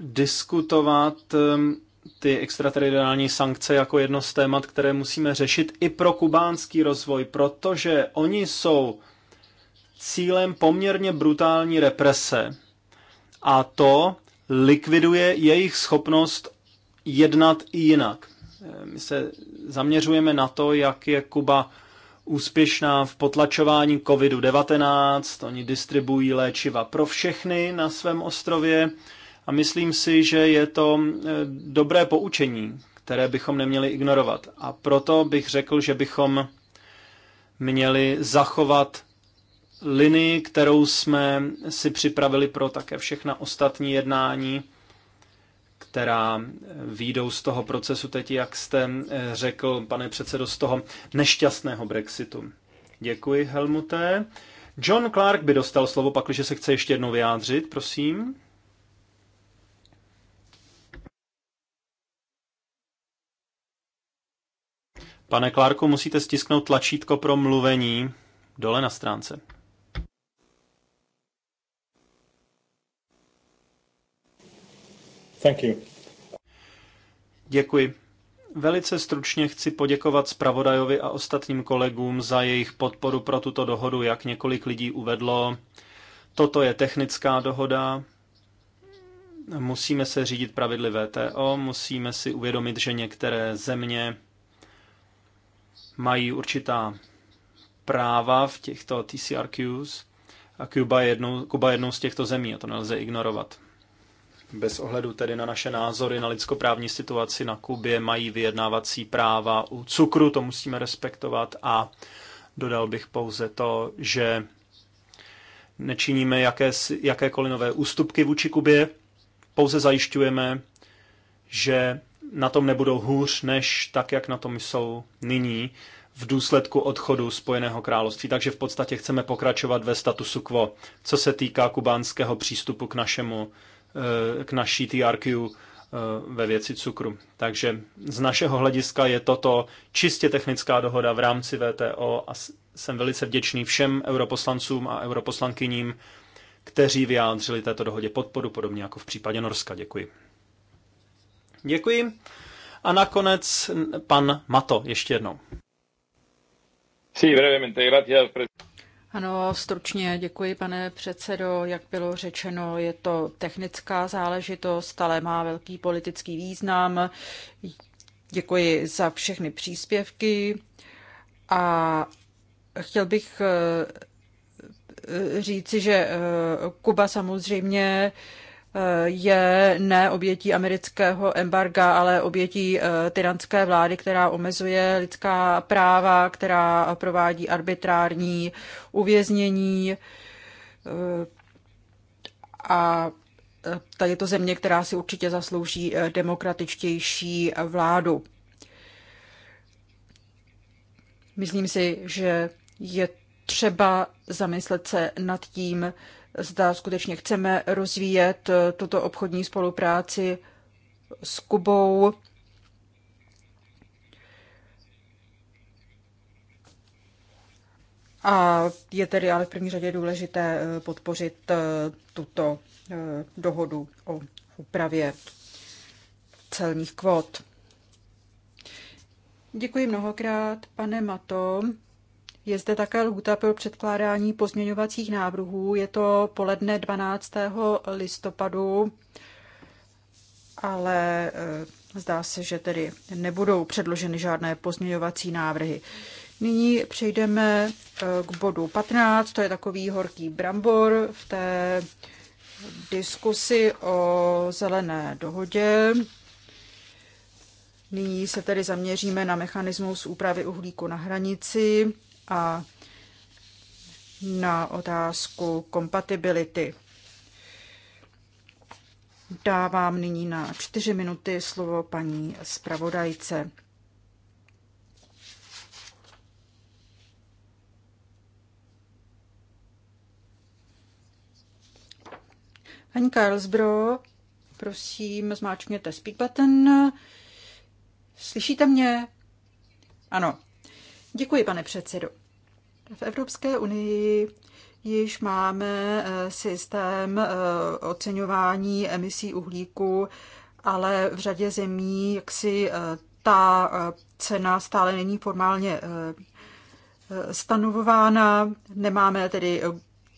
diskutovat ehm, ty extrateritoriální sankce jako jedno z témat, které musíme řešit i pro kubánský rozvoj, protože oni jsou cílem poměrně brutální represe. A to likviduje jejich schopnost jednat i jinak. Eh, My se zaměřujeme na to, jak je Kuba úspěšná v potlačování COVID-19. Oni distribuují léčiva pro všechny na svém ostrově a myslím si, že je to eh, dobré poučení, které bychom neměli ignorovat. A proto bych řekl, že bychom měli zachovat linii, kterou jsme si připravili pro také všechna ostatní jednání která výjdou z toho procesu teď, jak jste eh, řekl, pane předsedo, z toho nešťastného Brexitu. Děkuji, Helmute. John Clark by dostal slovo, pakliže se chce ještě jednou vyjádřit, prosím. Pane Clarku, musíte stisknout tlačítko pro mluvení dole na stránce. Thank you. Děkuji. Velice stručně chci poděkovat zpravodajovi a ostatním kolegům za jejich podporu pro tuto dohodu, jak několik lidí uvedlo. Toto je technická dohoda, musíme se řídit pravidly VTO, musíme si uvědomit, že některé země mají určitá práva v těchto TCRQs a Kuba je jednou, Kuba je jednou z těchto zemí a to nelze ignorovat bez ohledu tedy na naše názory na lidskoprávní situaci na Kubě, mají vyjednávací práva u cukru, to musíme respektovat a dodal bych pouze to, že nečiníme jaké, jakékoliv nové ústupky vůči Kubě, pouze zajišťujeme, že na tom nebudou hůř, než tak, jak na tom jsou nyní v důsledku odchodu Spojeného království. Takže v podstatě chceme pokračovat ve statusu quo, co se týká kubánského přístupu k našemu Eh, k naší TRQ eh, ve věci cukru. Takže z našeho hlediska je toto čistě technická dohoda v rámci VTO a jsem velice vděčný všem europoslancům a europoslankyním, kteří vyjádřili této dohodě podporu, podobně jako v případě Norska. Děkuji. Děkuji. A nakonec pan Mato ještě jednou. Sí, brevemente, gracias. Ano, stručně děkuji, pane předsedo. Jak bylo řečeno, je to technická záležitost, ale má velký politický význam. Děkuji za všechny příspěvky a chtěl bych eh, říci, že eh, Kuba samozřejmě je ne obětí amerického embarga, ale obětí eh, tyranské vlády, která omezuje lidská práva, která provádí arbitrární uvěznění. Eh, a eh, tady je to země, která si určitě zaslouží demokratičtější vládu. Myslím si, že je třeba zamyslet se nad tím, zda skutečně chceme rozvíjet eh, tuto obchodní spolupráci s Kubou. A je tedy ale v první řadě důležité eh, podpořit eh, tuto dohodu o úpravě celních kvót. Děkuji mnohokrát, pane Mato. Je zde také lhůta pro předkládání pozměňovacích návrhů. Je to poledne 12. listopadu, ale eh, zdá se, že tedy nebudou předloženy žádné pozměňovací návrhy. Nyní přejdeme eh, k bodu 15, to je takový horký brambor v té diskusi o zelené dohodě. Nyní se tedy zaměříme na mechanismus úpravy uhlíku na hranici a na otázku kompatibility. Dávám nyní na čtyři minuty slovo paní zpravodajce. Paní Karlsbro, prosím, zmáčkněte speak button. Slyšíte mě? Ano, Děkuji, pane předsedo. V Evropské unii již máme eh, systém eh, oceňování emisí uhlíku, ale v řadě zemí jaksi eh, ta cena stále není formálně stanovována. Nemáme tedy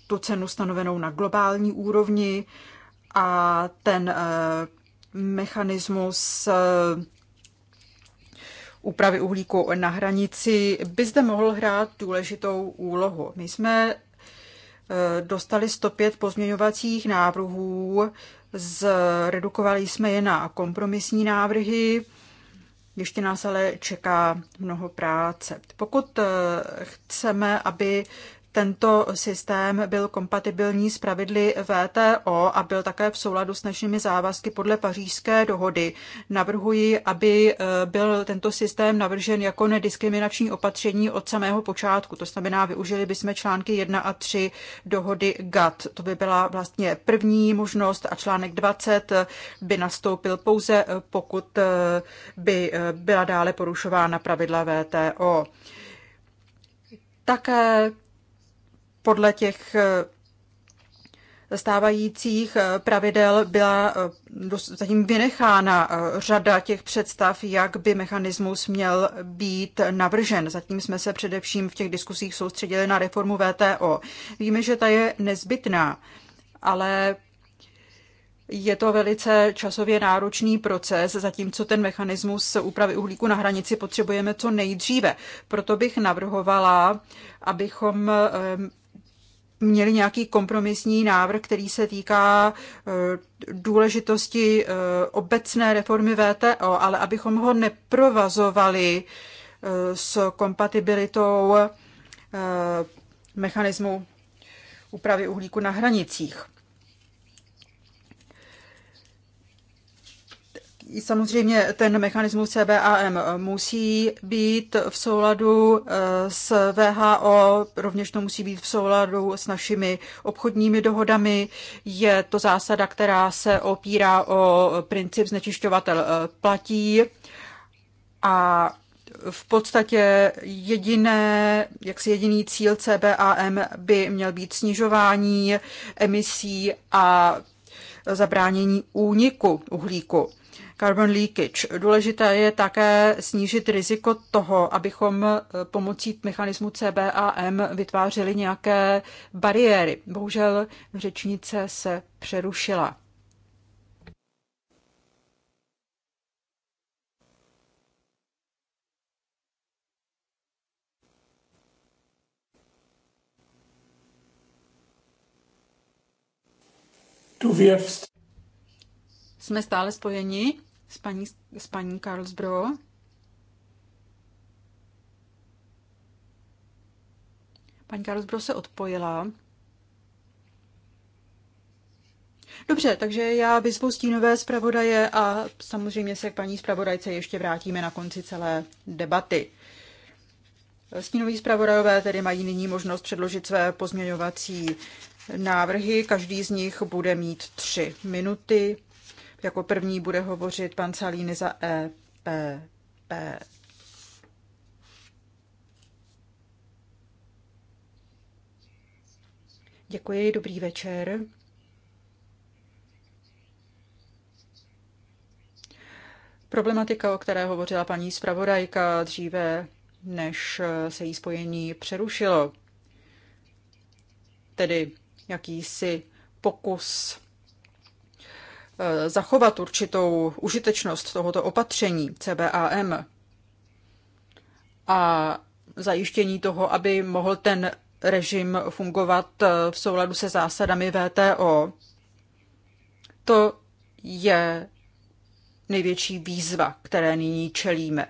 tu cenu stanovenou na globální úrovni a ten mechanismus úpravy uhlíku na hranici by zde mohl hrát důležitou úlohu. My jsme e, dostali 105 pozměňovacích návrhů, zredukovali jsme je na kompromisní návrhy, ještě nás ale čeká mnoho práce. Pokud e, chceme, aby tento systém byl kompatibilní s pravidly VTO a byl také v souladu s našimi závazky podle pařížské dohody. Navrhuji, aby e, byl tento systém navržen jako nediskriminační opatření od samého počátku. To znamená, využili bychom články 1 a 3 dohody GATT. To by byla vlastně první možnost a článek 20 by nastoupil pouze, e, pokud e, by byla dále porušována pravidla VTO. Také podle těch eh, stávajících eh, pravidel byla eh, zatím vynechána řada těch představ, jak by mechanismus měl být navržen. Zatím jsme se především v těch diskusích soustředili na reformu VTO. Víme, že ta je nezbytná, ale je to velice časově náročný proces, zatímco ten mechanismus úpravy uhlíku na hranici potřebujeme co nejdříve. Proto bych navrhovala, abychom měli nějaký kompromisní návrh, který se týká eh, důležitosti eh, obecné reformy VTO, ale abychom ho neprovazovali eh, s kompatibilitou mechanismu úpravy uhlíku na hranicích. Samozřejmě ten mechanismus CBAM musí být v souladu eh, s VHO, rovněž to musí být v souladu s našimi obchodními dohodami. Je to zásada, která se opírá o princip znečišťovatel eh, platí a v podstatě jediné, jaksi jediný cíl CBAM by měl být snižování emisí a zabránění úniku uhlíku carbon leakage. Důležité je také snížit riziko toho, abychom e, pomocí mechanismu CBAM vytvářeli nějaké bariéry. Bohužel řečnice se přerušila. Tu Jsme stále spojeni? s paní, s paní Carlsbro. Paní Carlsbro se odpojila. Dobře, takže já vyzvu stínové zpravodaje a samozřejmě se k paní zpravodajce ještě vrátíme na konci celé debaty. Stínoví zpravodajové tedy mají nyní možnost předložit své pozměňovací návrhy. Každý z nich bude mít tři minuty jako první bude hovořit pan Salíny za EPP. Děkuji, dobrý večer. Problematika, o které hovořila paní zpravodajka dříve, než se jí spojení přerušilo, tedy jakýsi pokus Eh, zachovat určitou užitečnost tohoto opatření CBAM a zajištění toho, aby mohl ten režim fungovat eh, v souladu se zásadami VTO, to je největší výzva, které nyní čelíme.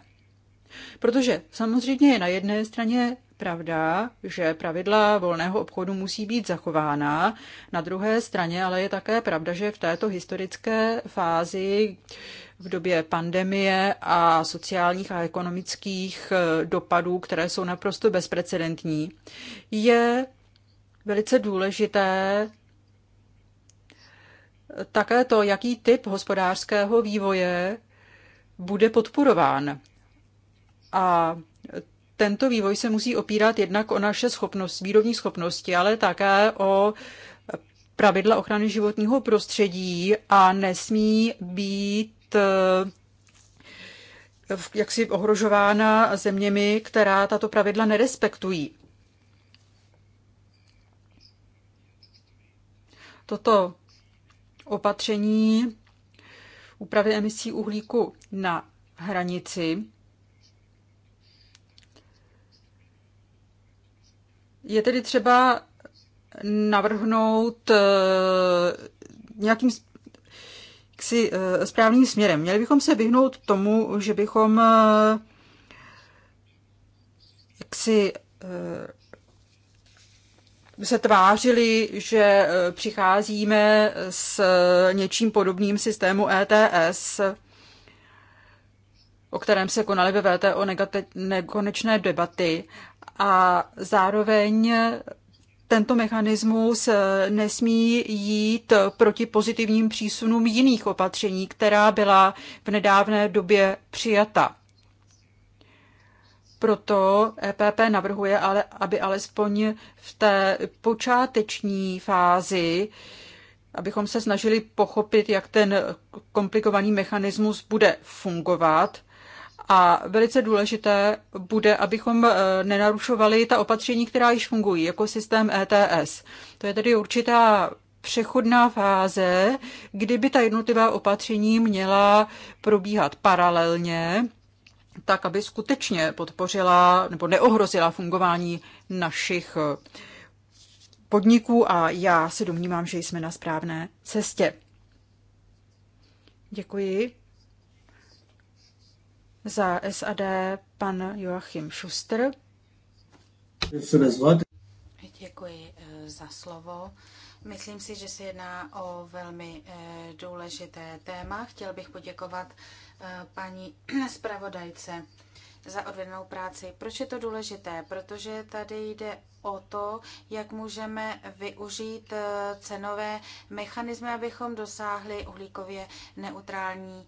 Protože samozřejmě je na jedné straně pravda, že pravidla volného obchodu musí být zachována. Na druhé straně ale je také pravda, že v této historické fázi v době pandemie a sociálních a ekonomických eh, dopadů, které jsou naprosto bezprecedentní, je velice důležité také to, jaký typ hospodářského vývoje bude podporován. A tento vývoj se musí opírat jednak o naše schopnost, výrobní schopnosti, ale také o pravidla ochrany životního prostředí a nesmí být eh, jaksi ohrožována zeměmi, která tato pravidla nerespektují. Toto opatření úpravy emisí uhlíku na hranici Je tedy třeba navrhnout eh, nějakým si, eh, správným směrem. Měli bychom se vyhnout tomu, že bychom eh, jaksi se tvářili, že přicházíme s něčím podobným systému ETS, o kterém se konaly ve VTO nekonečné debaty a zároveň tento mechanismus nesmí jít proti pozitivním přísunům jiných opatření, která byla v nedávné době přijata. Proto EPP navrhuje, ale, aby alespoň v té počáteční fázi, abychom se snažili pochopit, jak ten komplikovaný mechanismus bude fungovat, a velice důležité bude, abychom eh, nenarušovali ta opatření, která již fungují, jako systém ETS. To je tedy určitá přechodná fáze, kdyby ta jednotlivá opatření měla probíhat paralelně, tak aby skutečně podpořila nebo neohrozila fungování našich eh, podniků a já se domnívám, že jsme na správné cestě. Děkuji. Za SAD pan Joachim Schuster. Děkuji eh, za slovo. Myslím si, že se jedná o velmi eh, důležité téma. Chtěl bych poděkovat eh, paní <clears throat> zpravodajce za odvedenou práci. Proč je to důležité? Protože tady jde o to, jak můžeme využít cenové mechanismy, abychom dosáhli uhlíkově neutrální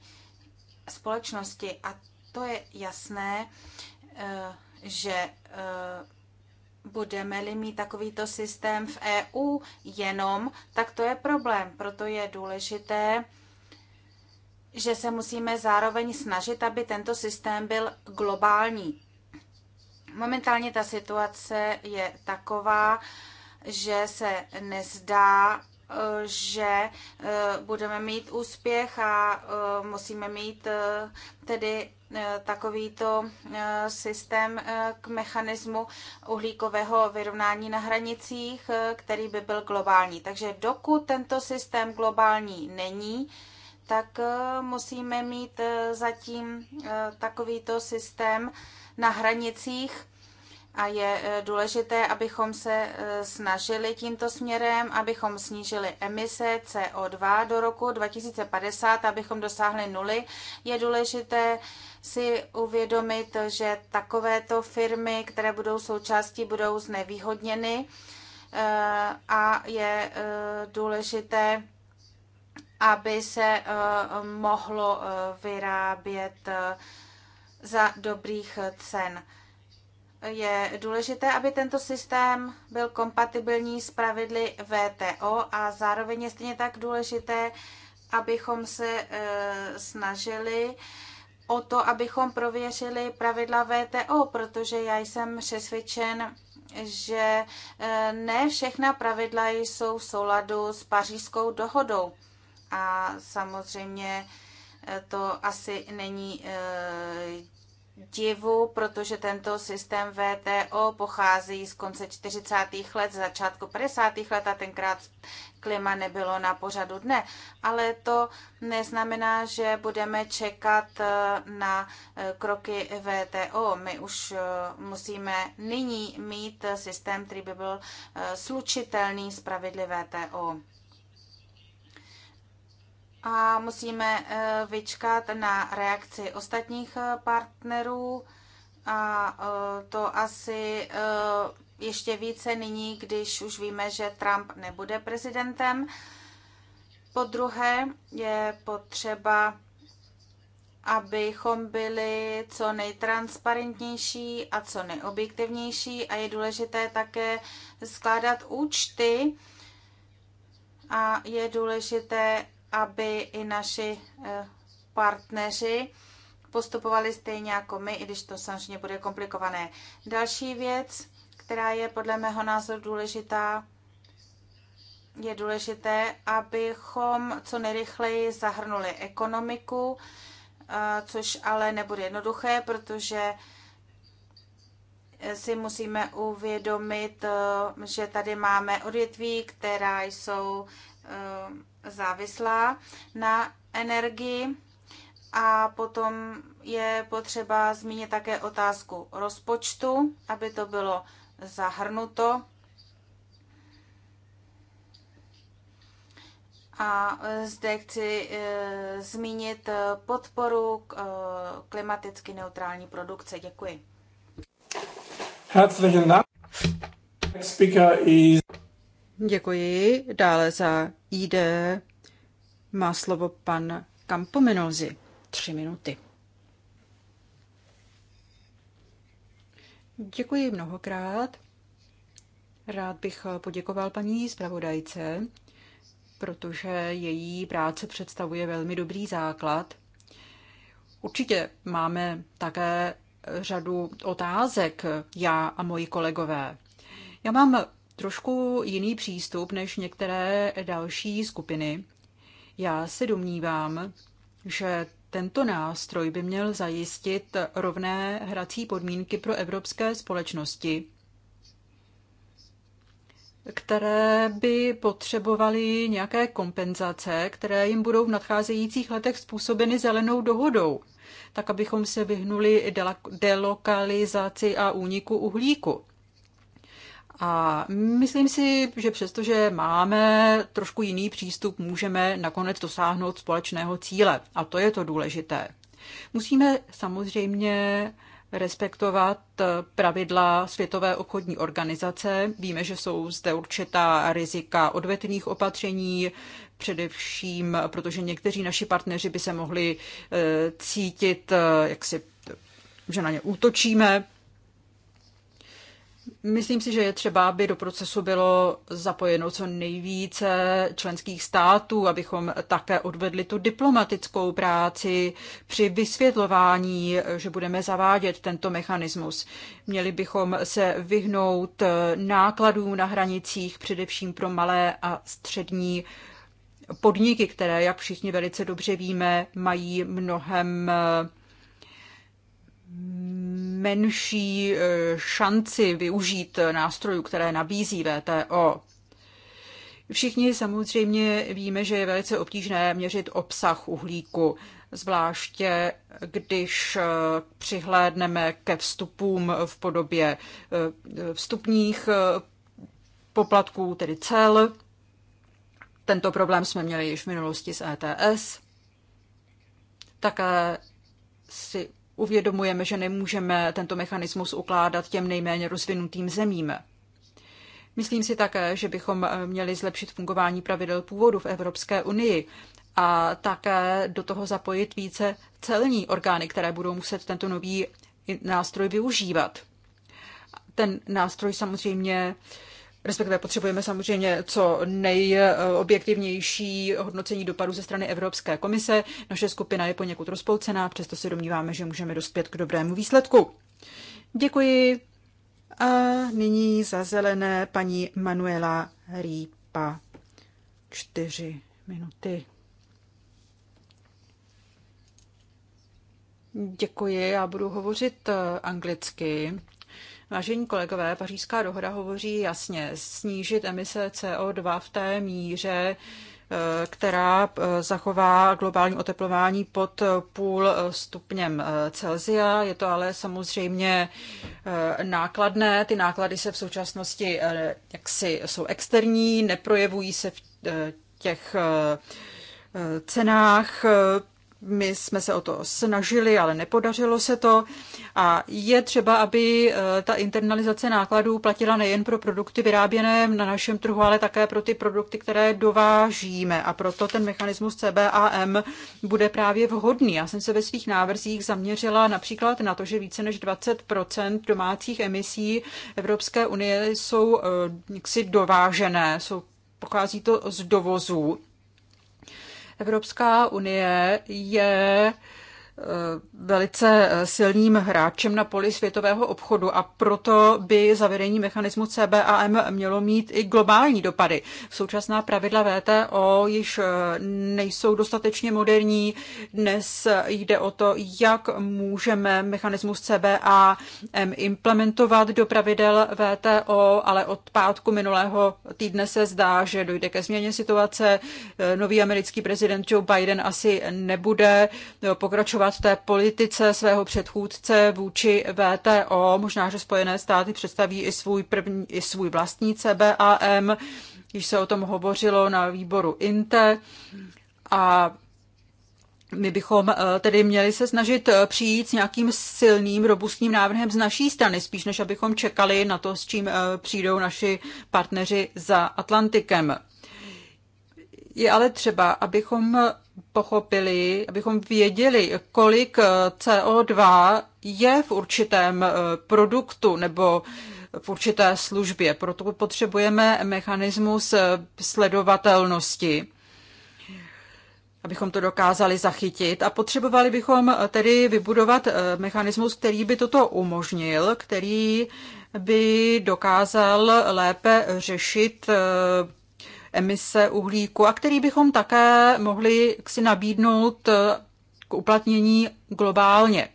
společnosti. A to je jasné, eh, že eh, budeme-li mít takovýto systém v EU jenom, tak to je problém. Proto je důležité, že se musíme zároveň snažit, aby tento systém byl globální. Momentálně ta situace je taková, že se nezdá, eh, že budeme mít úspěch a musíme mít tedy Eh, takovýto eh, systém eh, k mechanismu uhlíkového vyrovnání na hranicích, který by byl globální. Takže dokud tento systém globální není, tak musíme mít zatím takovýto systém na hranicích, a je eh, důležité, abychom se eh, snažili tímto směrem, abychom snížili emise CO2 do roku 2050, abychom dosáhli nuly. Je důležité si uvědomit, že takovéto firmy, které budou součástí, budou znevýhodněny eh, a je důležité, aby se mohlo vyrábět za dobrých cen je důležité, aby tento systém byl kompatibilní s pravidly VTO a zároveň je stejně tak důležité, abychom se e, snažili o to, abychom prověřili pravidla VTO, protože já jsem přesvědčen, že e, ne všechna pravidla jsou v souladu s pařížskou dohodou. A samozřejmě e, to asi není divu, protože tento systém VTO pochází z konce 40. let, začátku 50. let a tenkrát klima nebylo na pořadu dne. Ale to neznamená, že budeme čekat eh, na eh, kroky VTO. My už eh, musíme nyní mít systém, který by byl slučitelný s pravidly VTO a musíme eh, vyčkat na reakci ostatních eh, partnerů a eh, to asi ještě více nyní, když už víme, že Trump nebude prezidentem. Po druhé je potřeba, abychom byli co nejtransparentnější a co nejobjektivnější a je důležité také skládat účty a je důležité aby i naši eh, partneři postupovali stejně jako my, i když to samozřejmě bude komplikované. Další věc, která je podle mého názoru důležitá, je důležité, abychom co nejrychleji zahrnuli ekonomiku, eh, což ale nebude jednoduché, protože eh, si musíme uvědomit, že tady máme odvětví, která jsou Eh, závislá na energii. A potom je potřeba zmínit také otázku rozpočtu, aby to bylo zahrnuto. A zde chci e, zmínit podporu k, e, klimaticky neutrální produkce. Děkuji. Herzlichen Dank. Next speaker is Děkuji. Dále za ID má slovo pan Kampomenozi. Tři minuty. Děkuji mnohokrát. Rád bych eh, poděkoval paní zpravodajce, protože její práce představuje velmi dobrý základ. Určitě máme také eh, řadu otázek, já a moji kolegové. Já mám trošku jiný přístup než některé další skupiny. Já se domnívám, že tento nástroj by měl zajistit rovné hrací podmínky pro evropské společnosti, které by potřebovaly nějaké kompenzace, které jim budou v nadcházejících letech způsobeny zelenou dohodou, tak abychom se vyhnuli delokalizaci a úniku uhlíku. A myslím si, že přestože máme trošku jiný přístup, můžeme nakonec dosáhnout společného cíle. A to je to důležité. Musíme samozřejmě respektovat pravidla Světové obchodní organizace. Víme, že jsou zde určitá rizika odvetných opatření, především protože někteří naši partneři by se mohli eh, cítit, eh, jak si, že na ně útočíme. Myslím si, že je třeba, aby do procesu bylo zapojeno co nejvíce členských států, abychom také odvedli tu diplomatickou práci při vysvětlování, že budeme zavádět tento mechanismus. Měli bychom se vyhnout nákladů na hranicích, především pro malé a střední podniky, které, jak všichni velice dobře víme, mají mnohem menší eh, šanci využít nástrojů, které nabízí VTO. Všichni samozřejmě víme, že je velice obtížné měřit obsah uhlíku, zvláště když eh, přihlédneme ke vstupům v podobě eh, vstupních poplatků, tedy cel. Tento problém jsme měli již v minulosti s ETS. Také si uvědomujeme, že nemůžeme tento mechanismus ukládat těm nejméně rozvinutým zemím. Myslím si také, že bychom eh, měli zlepšit fungování pravidel původu v Evropské unii a také do toho zapojit více celní orgány, které budou muset tento nový nástroj využívat. Ten nástroj samozřejmě respektive potřebujeme samozřejmě co nejobjektivnější hodnocení dopadu ze strany Evropské komise. Naše skupina je poněkud rozpolcená, přesto se domníváme, že můžeme dospět k dobrému výsledku. Děkuji. A nyní za zelené paní Manuela Rýpa. Čtyři minuty. Děkuji, já budu hovořit eh, anglicky. Vážení kolegové, pařížská dohoda hovoří jasně snížit emise CO2 v té míře, eh, která eh, zachová globální oteplování pod půl eh, stupněm Celsia. Je to ale samozřejmě nákladné. Ty náklady se v současnosti jaksi jsou externí, neprojevují se v těch cenách my jsme se o to snažili, ale nepodařilo se to. A je třeba, aby eh, ta internalizace nákladů platila nejen pro produkty vyráběné na našem trhu, ale také pro ty produkty, které dovážíme. A proto ten mechanismus CBAM bude právě vhodný. Já jsem se ve svých návrzích zaměřila například na to, že více než 20 domácích emisí Evropské unie jsou eh, jaksi dovážené, jsou, pochází to z dovozů. Evropská unie je Eh, velice eh, silným hráčem na poli světového obchodu a proto by zavedení mechanismu CBAM mělo mít i globální dopady. Současná pravidla VTO již eh, nejsou dostatečně moderní. Dnes jde o to, jak můžeme mechanismus CBAM implementovat do pravidel VTO, ale od pátku minulého týdne se zdá, že dojde ke změně situace. Nový americký prezident Joe Biden asi nebude pokračovat v té politice svého předchůdce vůči VTO. Možná, že Spojené státy představí i svůj, první, i svůj vlastní CBAM, když se o tom hovořilo na výboru INTE. A my bychom eh, tedy měli se snažit eh, přijít s nějakým silným, robustním návrhem z naší strany, spíš než abychom čekali na to, s čím eh, přijdou naši partneři za Atlantikem. Je ale třeba, abychom pochopili, abychom věděli, kolik eh, CO2 je v určitém eh, produktu nebo v určité službě. Proto potřebujeme mechanismus eh, sledovatelnosti, abychom to dokázali zachytit. A potřebovali bychom tedy vybudovat mechanismus, který by toto umožnil, který by dokázal lépe řešit emise uhlíku a který bychom také mohli si nabídnout eh, k uplatnění globálně.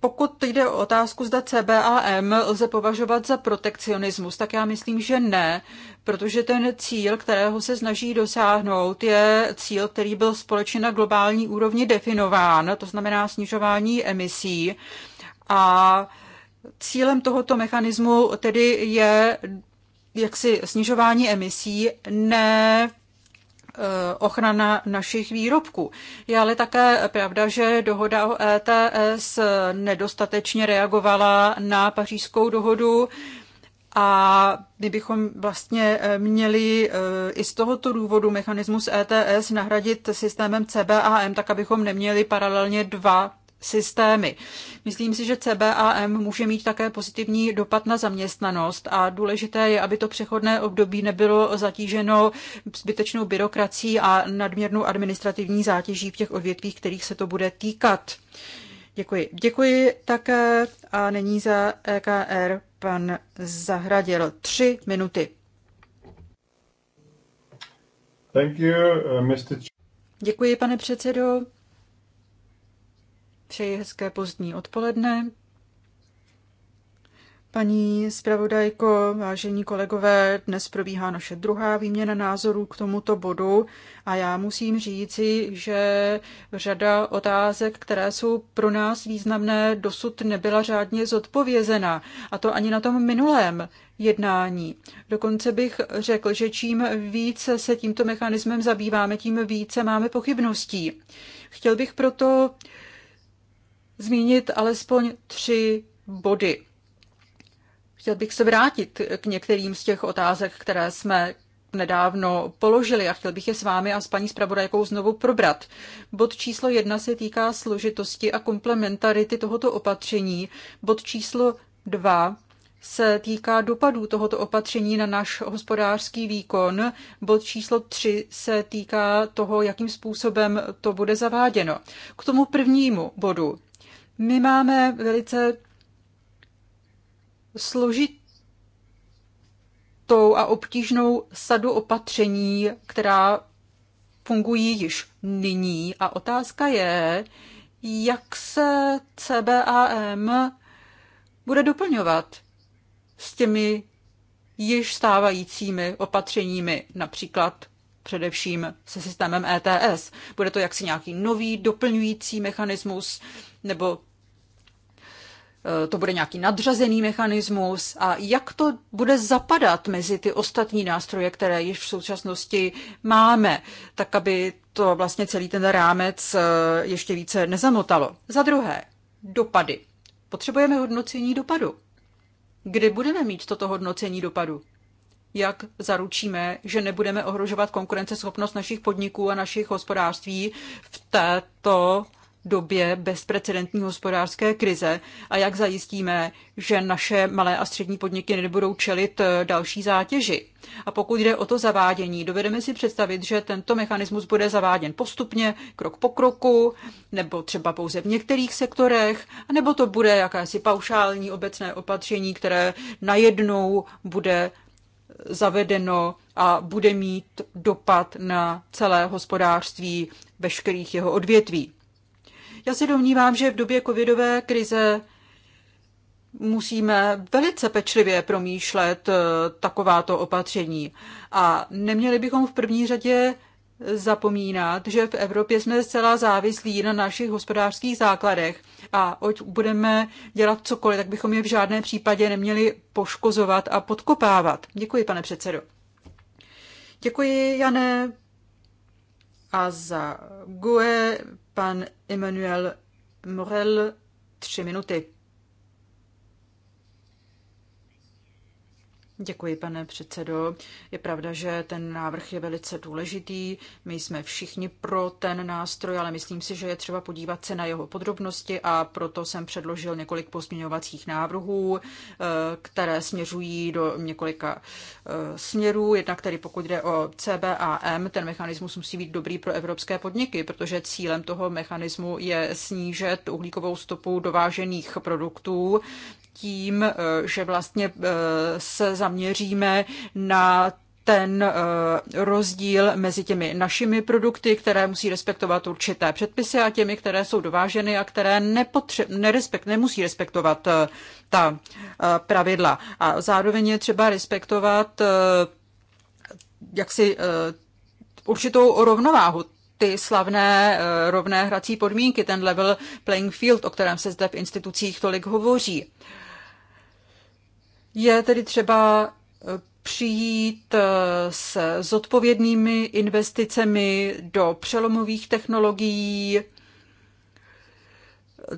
Pokud jde o otázku, zda CBAM lze považovat za protekcionismus, tak já myslím, že ne, protože ten cíl, kterého se snaží dosáhnout, je cíl, který byl společně na globální úrovni definován, to znamená snižování emisí. A Cílem tohoto mechanismu tedy je jaksi snižování emisí, ne eh, ochrana našich výrobků. Je ale také pravda, že dohoda o ETS nedostatečně reagovala na pařížskou dohodu a my bychom vlastně eh, měli eh, i z tohoto důvodu mechanismus ETS nahradit systémem CBAM, tak abychom neměli paralelně dva systémy. Myslím si, že CBAM může mít také pozitivní dopad na zaměstnanost a důležité je, aby to přechodné období nebylo zatíženo zbytečnou byrokracií a nadměrnou administrativní zátěží v těch odvětvích, kterých se to bude týkat. Děkuji. Děkuji také a není za EKR pan Zahradil. Tři minuty. Thank you, uh, Mr. Děkuji, pane předsedo. Přeji hezké pozdní odpoledne. Paní zpravodajko, vážení kolegové, dnes probíhá naše druhá výměna názorů k tomuto bodu a já musím říci, že řada otázek, které jsou pro nás významné, dosud nebyla řádně zodpovězena a to ani na tom minulém jednání. Dokonce bych řekl, že čím více se tímto mechanismem zabýváme, tím více máme pochybností. Chtěl bych proto zmínit alespoň tři body. Chtěl bych se vrátit k některým z těch otázek, které jsme nedávno položili a chtěl bych je s vámi a s paní zpravodajkou znovu probrat. Bod číslo jedna se týká složitosti a komplementarity tohoto opatření. Bod číslo dva se týká dopadů tohoto opatření na náš hospodářský výkon. Bod číslo tři se týká toho, jakým způsobem to bude zaváděno. K tomu prvnímu bodu my máme velice složitou a obtížnou sadu opatření, která fungují již nyní. A otázka je, jak se CBAM bude doplňovat s těmi již stávajícími opatřeními, například především se systémem ETS. Bude to jaksi nějaký nový doplňující mechanismus, nebo Eh, to bude nějaký nadřazený mechanismus a jak to bude zapadat mezi ty ostatní nástroje, které již v současnosti máme, tak aby to vlastně celý ten rámec eh, ještě více nezamotalo. Za druhé, dopady. Potřebujeme hodnocení dopadu. Kdy budeme mít toto hodnocení dopadu? Jak zaručíme, že nebudeme ohrožovat konkurenceschopnost našich podniků a našich hospodářství v této době bezprecedentní hospodářské krize a jak zajistíme, že naše malé a střední podniky nebudou čelit eh, další zátěži. A pokud jde o to zavádění, dovedeme si představit, že tento mechanismus bude zaváděn postupně, krok po kroku, nebo třeba pouze v některých sektorech, nebo to bude jakési paušální obecné opatření, které najednou bude eh, zavedeno a bude mít dopad na celé hospodářství veškerých jeho odvětví. Já se domnívám, že v době covidové krize musíme velice pečlivě promýšlet eh, takováto opatření. A neměli bychom v první řadě zapomínat, že v Evropě jsme zcela závislí na našich hospodářských základech a ať budeme dělat cokoliv, tak bychom je v žádném případě neměli poškozovat a podkopávat. Děkuji, pane předsedo. Děkuji, Jane. A za GUE Pan Emmanuel Morel, tři minuty. Děkuji, pane předsedo. Je pravda, že ten návrh je velice důležitý. My jsme všichni pro ten nástroj, ale myslím si, že je třeba podívat se na jeho podrobnosti a proto jsem předložil několik pozměňovacích návrhů, eh, které směřují do několika eh, směrů. Jednak tedy pokud jde o CBAM, ten mechanismus musí být dobrý pro evropské podniky, protože cílem toho mechanismu je snížit uhlíkovou stopu dovážených produktů tím, eh, že vlastně eh, se zaměříme na ten eh, rozdíl mezi těmi našimi produkty, které musí respektovat určité předpisy a těmi, které jsou dováženy a které nepotře- nerespekt- nemusí respektovat ta pravidla. A zároveň je třeba respektovat jaksi určitou rovnováhu ty slavné rovné hrací podmínky, ten level playing field, o kterém se zde v institucích tolik hovoří. Je tedy třeba eh, přijít eh, s zodpovědnými investicemi do přelomových technologií,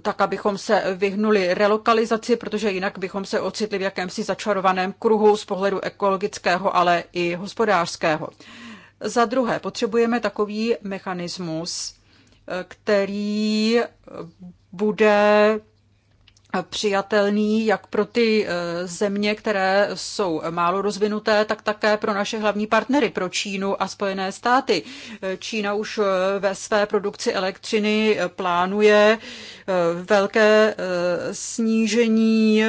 tak abychom se vyhnuli relokalizaci, protože jinak bychom se ocitli v jakémsi začarovaném kruhu z pohledu ekologického, ale i hospodářského. Za druhé, potřebujeme takový mechanismus, eh, který bude přijatelný jak pro ty eh, země, které jsou málo rozvinuté, tak také pro naše hlavní partnery, pro Čínu a Spojené státy. Eh, Čína už eh, ve své produkci elektřiny plánuje velké snížení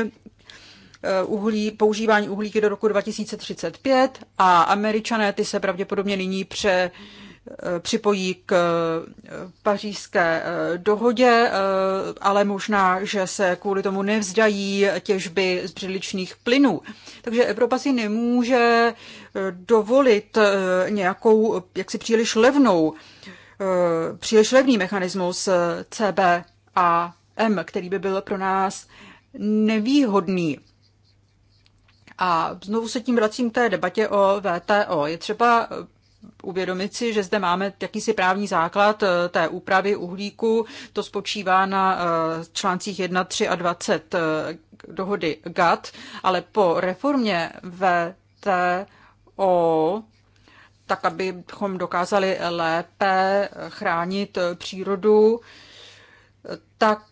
uhlí, používání uhlíky do roku 2035 a američané ty se pravděpodobně nyní pře Eh, připojí k eh, pařížské eh, dohodě, ale možná, že se kvůli tomu nevzdají těžby z břidličných plynů. Takže Evropa si nemůže dovolit nějakou jaksi příliš levnou, příliš levný mechanismus CB a M, který by byl pro nás nevýhodný. A znovu se tím vracím k té debatě o VTO. Je třeba uvědomit si, že zde máme jakýsi právní základ eh, té úpravy uhlíku. To spočívá na eh, článcích 1, 3 a 20 eh, dohody GATT, ale po reformě VTO tak, abychom dokázali lépe chránit přírodu, tak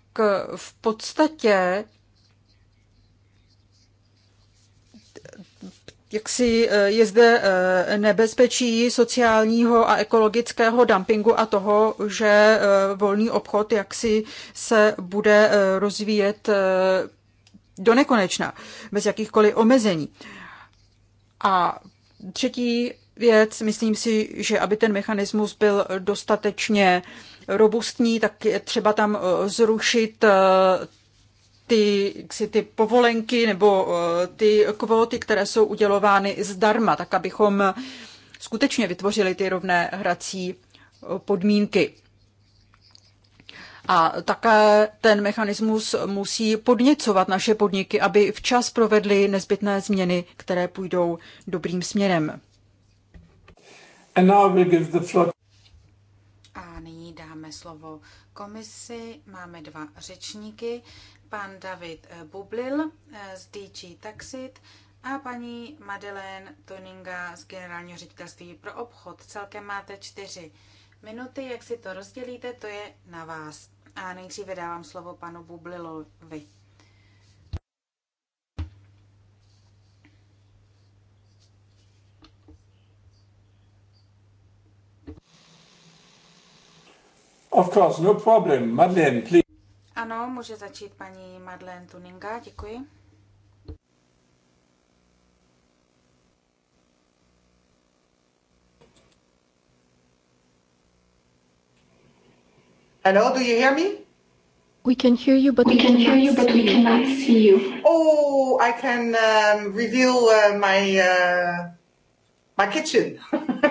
v podstatě jaksi eh, je zde eh, nebezpečí sociálního a ekologického dumpingu a toho, že eh, volný obchod jaksi se bude rozvíjet do nekonečna, bez jakýchkoliv omezení. A třetí věc, myslím si, že aby ten mechanismus byl dostatečně robustní, tak je třeba tam zrušit ty, si ty povolenky nebo eh, ty kvóty, které jsou udělovány zdarma, tak abychom skutečně vytvořili ty rovné hrací eh, podmínky. A také ten mechanismus musí podněcovat naše podniky, aby včas provedly nezbytné změny, které půjdou dobrým směrem. A nyní dáme slovo komisi. Máme dva řečníky pan David eh, Bublil eh, z DG Taxit a paní Madeleine Toninga z Generálního ředitelství pro obchod. Celkem máte čtyři minuty, jak si to rozdělíte, to je na vás. A nejdříve dávám slovo panu Bublilovi. Of course, no problem. Madeleine, please. Ano, může začít paní Madeleine Tuninga, děkuji. Hello, do you hear me? We can hear you, but we, we can hear you, but we cannot see you. Oh, I can um, reveal uh, my uh, my kitchen. <laughs>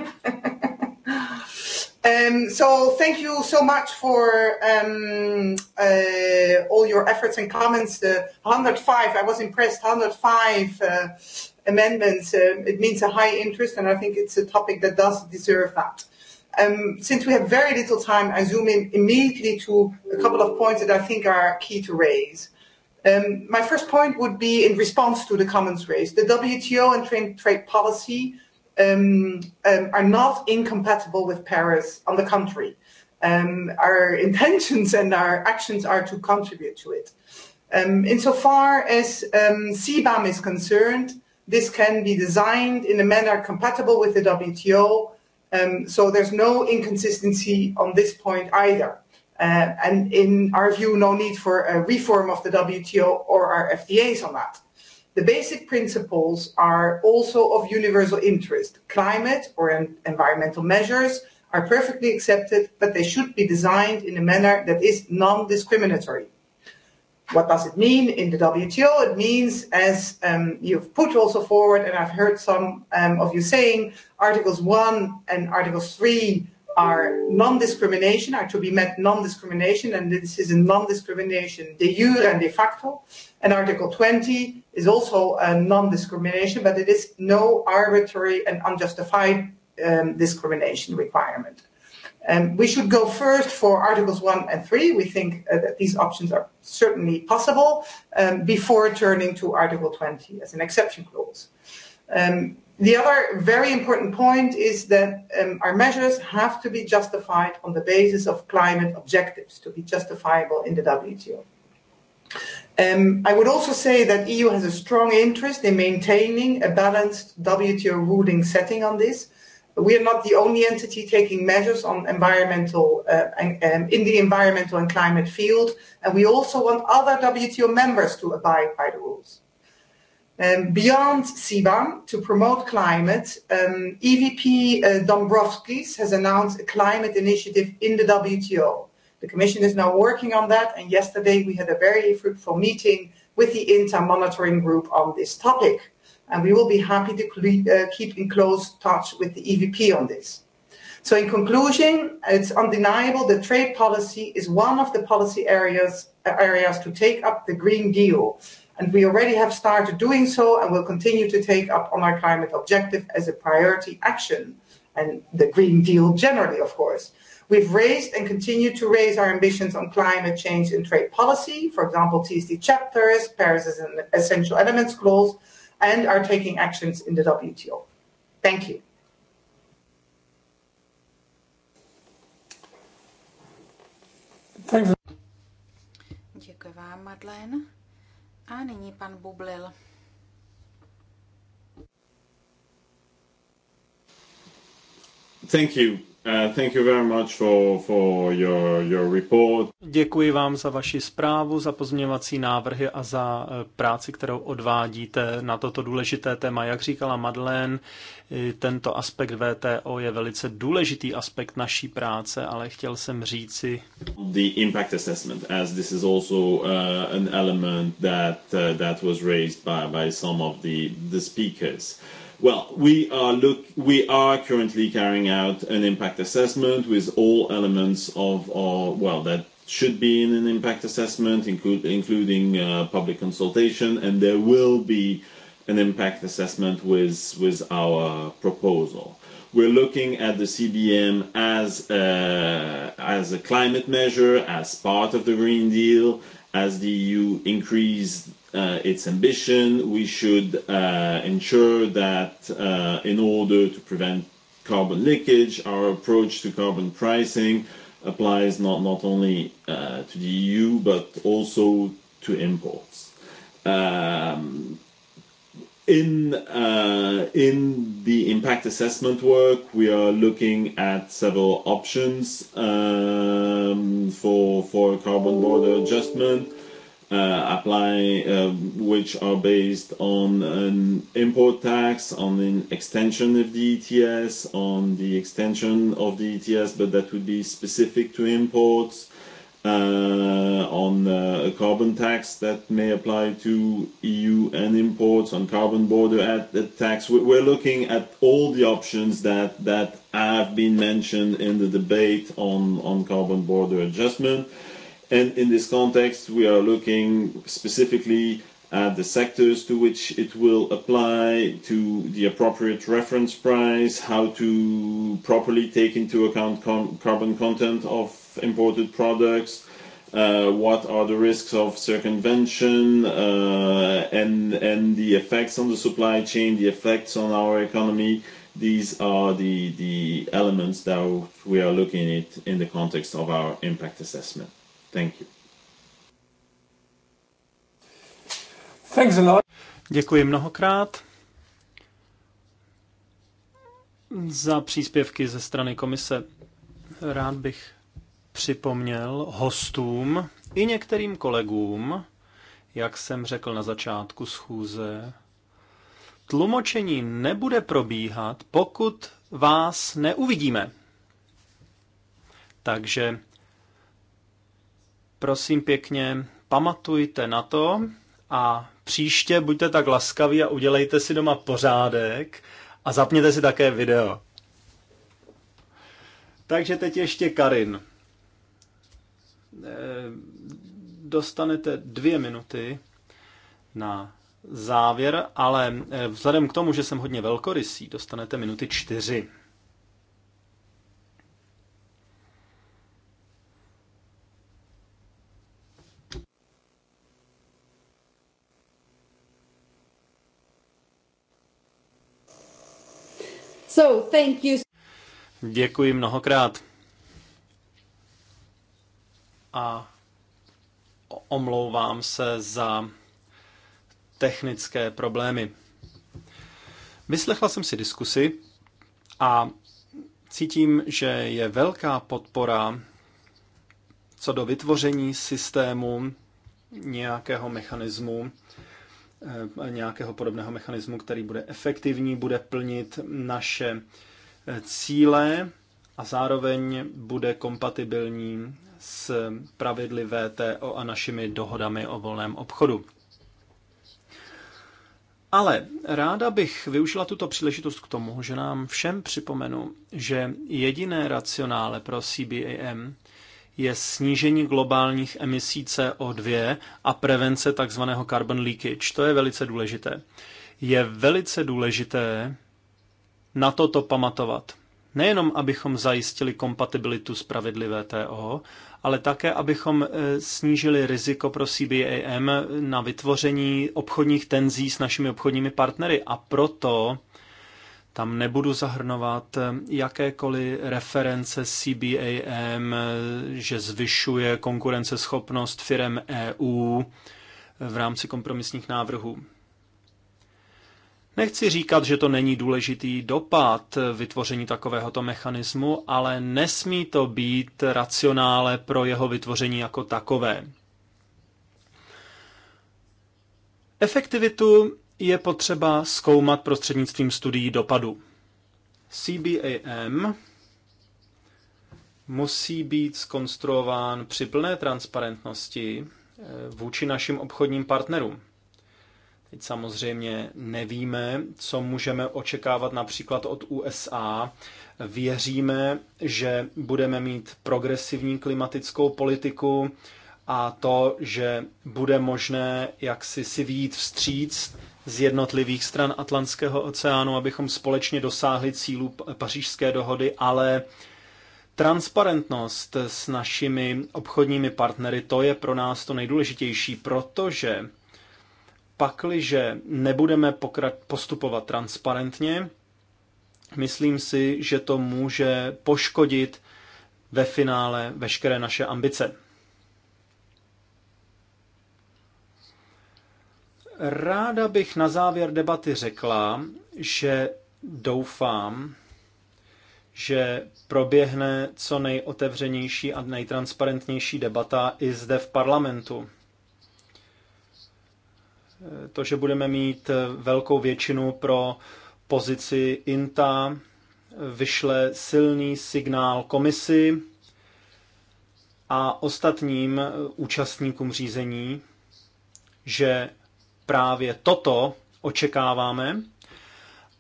Um, so thank you so much for um, uh, all your efforts and comments. The 105, I was impressed, 105 uh, amendments. Uh, it means a high interest, and I think it's a topic that does deserve that. Um, since we have very little time, I zoom in immediately to a couple of points that I think are key to raise. Um, my first point would be in response to the comments raised. The WTO and trade, trade policy um, um, are not incompatible with Paris. On the contrary, um, our <laughs> intentions and our actions are to contribute to it. Um, insofar as um, CBAM is concerned, this can be designed in a manner compatible with the WTO. Um, so there's no inconsistency on this point either. Uh, and in our view, no need for a reform of the WTO or our FTAs on that. The basic principles are also of universal interest. Climate or en- environmental measures are perfectly accepted, but they should be designed in a manner that is non-discriminatory. What does it mean in the WTO? It means, as um, you've put also forward, and I've heard some um, of you saying, Articles 1 and Articles 3 are non-discrimination, are to be met non-discrimination, and this is a non-discrimination de jure and de facto. And Article 20 is also a non-discrimination, but it is no arbitrary and unjustified um, discrimination requirement. Um, we should go first for Articles 1 and 3. We think uh, that these options are certainly possible um, before turning to Article 20 as an exception clause. Um, The other very important point is that um, our measures have to be justified on the basis of climate objectives to be justifiable in the WTO. Um, I would also say that EU has a strong interest in maintaining a balanced WTO ruling setting on this. We are not the only entity taking measures on environmental uh, and, um, in the environmental and climate field, and we also want other WTO members to abide by the rules. Um, beyond CBAM, to promote climate, um, EVP uh, Dombrovskis has announced a climate initiative in the WTO. The Commission is now working on that, and yesterday we had a very fruitful meeting with the INTA monitoring group on this topic. And we will be happy to uh, keep in close touch with the EVP on this. So, in conclusion, it's undeniable that trade policy is one of the policy areas, uh, areas to take up the Green Deal and we already have started doing so and will continue to take up on our climate objective as a priority action and the Green Deal generally, of course. We've raised and continue to raise our ambitions on climate change and trade policy, for example, TSD chapters, Paris is an essential elements clause, and are taking actions in the WTO. Thank you. Děkuji vám, Madeleine. A nyní pan Bublil. Thank you. Uh, thank you very much for, for your, your report. Děkuji vám za vaši zprávu, za pozměňovací návrhy a za eh, práci, kterou odvádíte na toto důležité téma. Jak říkala Madeleine, tento aspekt VTO je velice důležitý aspekt naší práce, ale chtěl jsem říci... The impact assessment, as this is also uh, an element that, uh, that was raised by, by some of the, the speakers. Uh, Well, we are look we are currently carrying out an impact assessment with all elements of our well that should be in an impact assessment, include, including uh, public consultation, and there will be an impact assessment with with our proposal. We're looking at the CBM as a, as a climate measure, as part of the Green Deal, as the EU increased uh, its ambition. We should uh, ensure that uh, in order to prevent carbon leakage, our approach to carbon pricing applies not, not only uh, to the EU but also to imports. Um, in, uh, in the impact assessment work, we are looking at several options um, for, for carbon border adjustment uh, apply, uh, which are based on an import tax, on an extension of the ETS, on the extension of the ETS, but that would be specific to imports, uh, on uh, a carbon tax that may apply to EU and imports, on carbon border at the tax. We're looking at all the options that, that have been mentioned in the debate on, on carbon border adjustment. Uh, And in this context, we are looking specifically at the sectors to which it will apply, to the appropriate reference price, how to properly take into account carbon content of imported products, uh, what are the risks of circumvention, uh, and, and the effects on the supply chain, the effects on our economy. These are the, the elements that we are looking at in the context of our impact assessment. Thank you. Thanks a lot. Děkuji mnohokrát za příspěvky ze strany komise. Rád bych připomněl hostům i některým kolegům, jak jsem řekl na začátku schůze, tlumočení nebude probíhat, pokud vás neuvidíme. Takže Prosím pěkně, pamatujte na to a příště buďte tak laskaví a udělejte si doma pořádek a zapněte si také video. Takže teď ještě Karin. Eh, dostanete dvě minuty na závěr, ale eh, vzhledem k tomu, že jsem hodně velkorysý, dostanete minuty čtyři. So, thank you. Děkuji mnohokrát. A omlouvám se za technické problémy. Vyslechla jsem si diskusy a cítím, že je velká podpora co do vytvoření systému nějakého mechanismu, Eh, nějakého podobného mechanismu, který bude efektivní, bude plnit naše eh, cíle a zároveň bude kompatibilní s pravidly VTO a našimi dohodami o volném obchodu. Ale ráda bych využila tuto příležitost k tomu, že nám všem připomenu, že jediné racionále pro CBAM je snížení globálních emisí CO2 a prevence tzv. carbon leakage. To je velice důležité. Je velice důležité na toto pamatovat. Nejenom, abychom zajistili kompatibilitu s pravidly VTO, ale také, abychom eh, snížili riziko pro CBAM na vytvoření obchodních tenzí s našimi obchodními partnery. A proto tam nebudu zahrnovat eh, jakékoliv reference CBAM, eh, že zvyšuje konkurenceschopnost firem EU eh, v rámci kompromisních návrhů. Nechci říkat, že to není důležitý dopad vytvoření takovéhoto mechanismu, ale nesmí to být racionále pro jeho vytvoření jako takové. Efektivitu je potřeba zkoumat prostřednictvím studií dopadu. CBAM musí být skonstruován při plné transparentnosti eh, vůči našim obchodním partnerům. Teď samozřejmě nevíme, co můžeme očekávat například od USA. Věříme, že budeme mít progresivní klimatickou politiku a to, že bude možné jaksi si výjít vstříc z jednotlivých stran Atlantského oceánu, abychom společně dosáhli cílů pařížské dohody, ale transparentnost s našimi obchodními partnery, to je pro nás to nejdůležitější, protože pakliže nebudeme postupovat transparentně, myslím si, že to může poškodit ve finále veškeré naše ambice. Ráda bych na závěr debaty řekla, že doufám, že proběhne co nejotevřenější a nejtransparentnější debata i zde v parlamentu. To, že budeme mít velkou většinu pro pozici INTA, vyšle silný signál komisi a ostatním účastníkům řízení, že právě toto očekáváme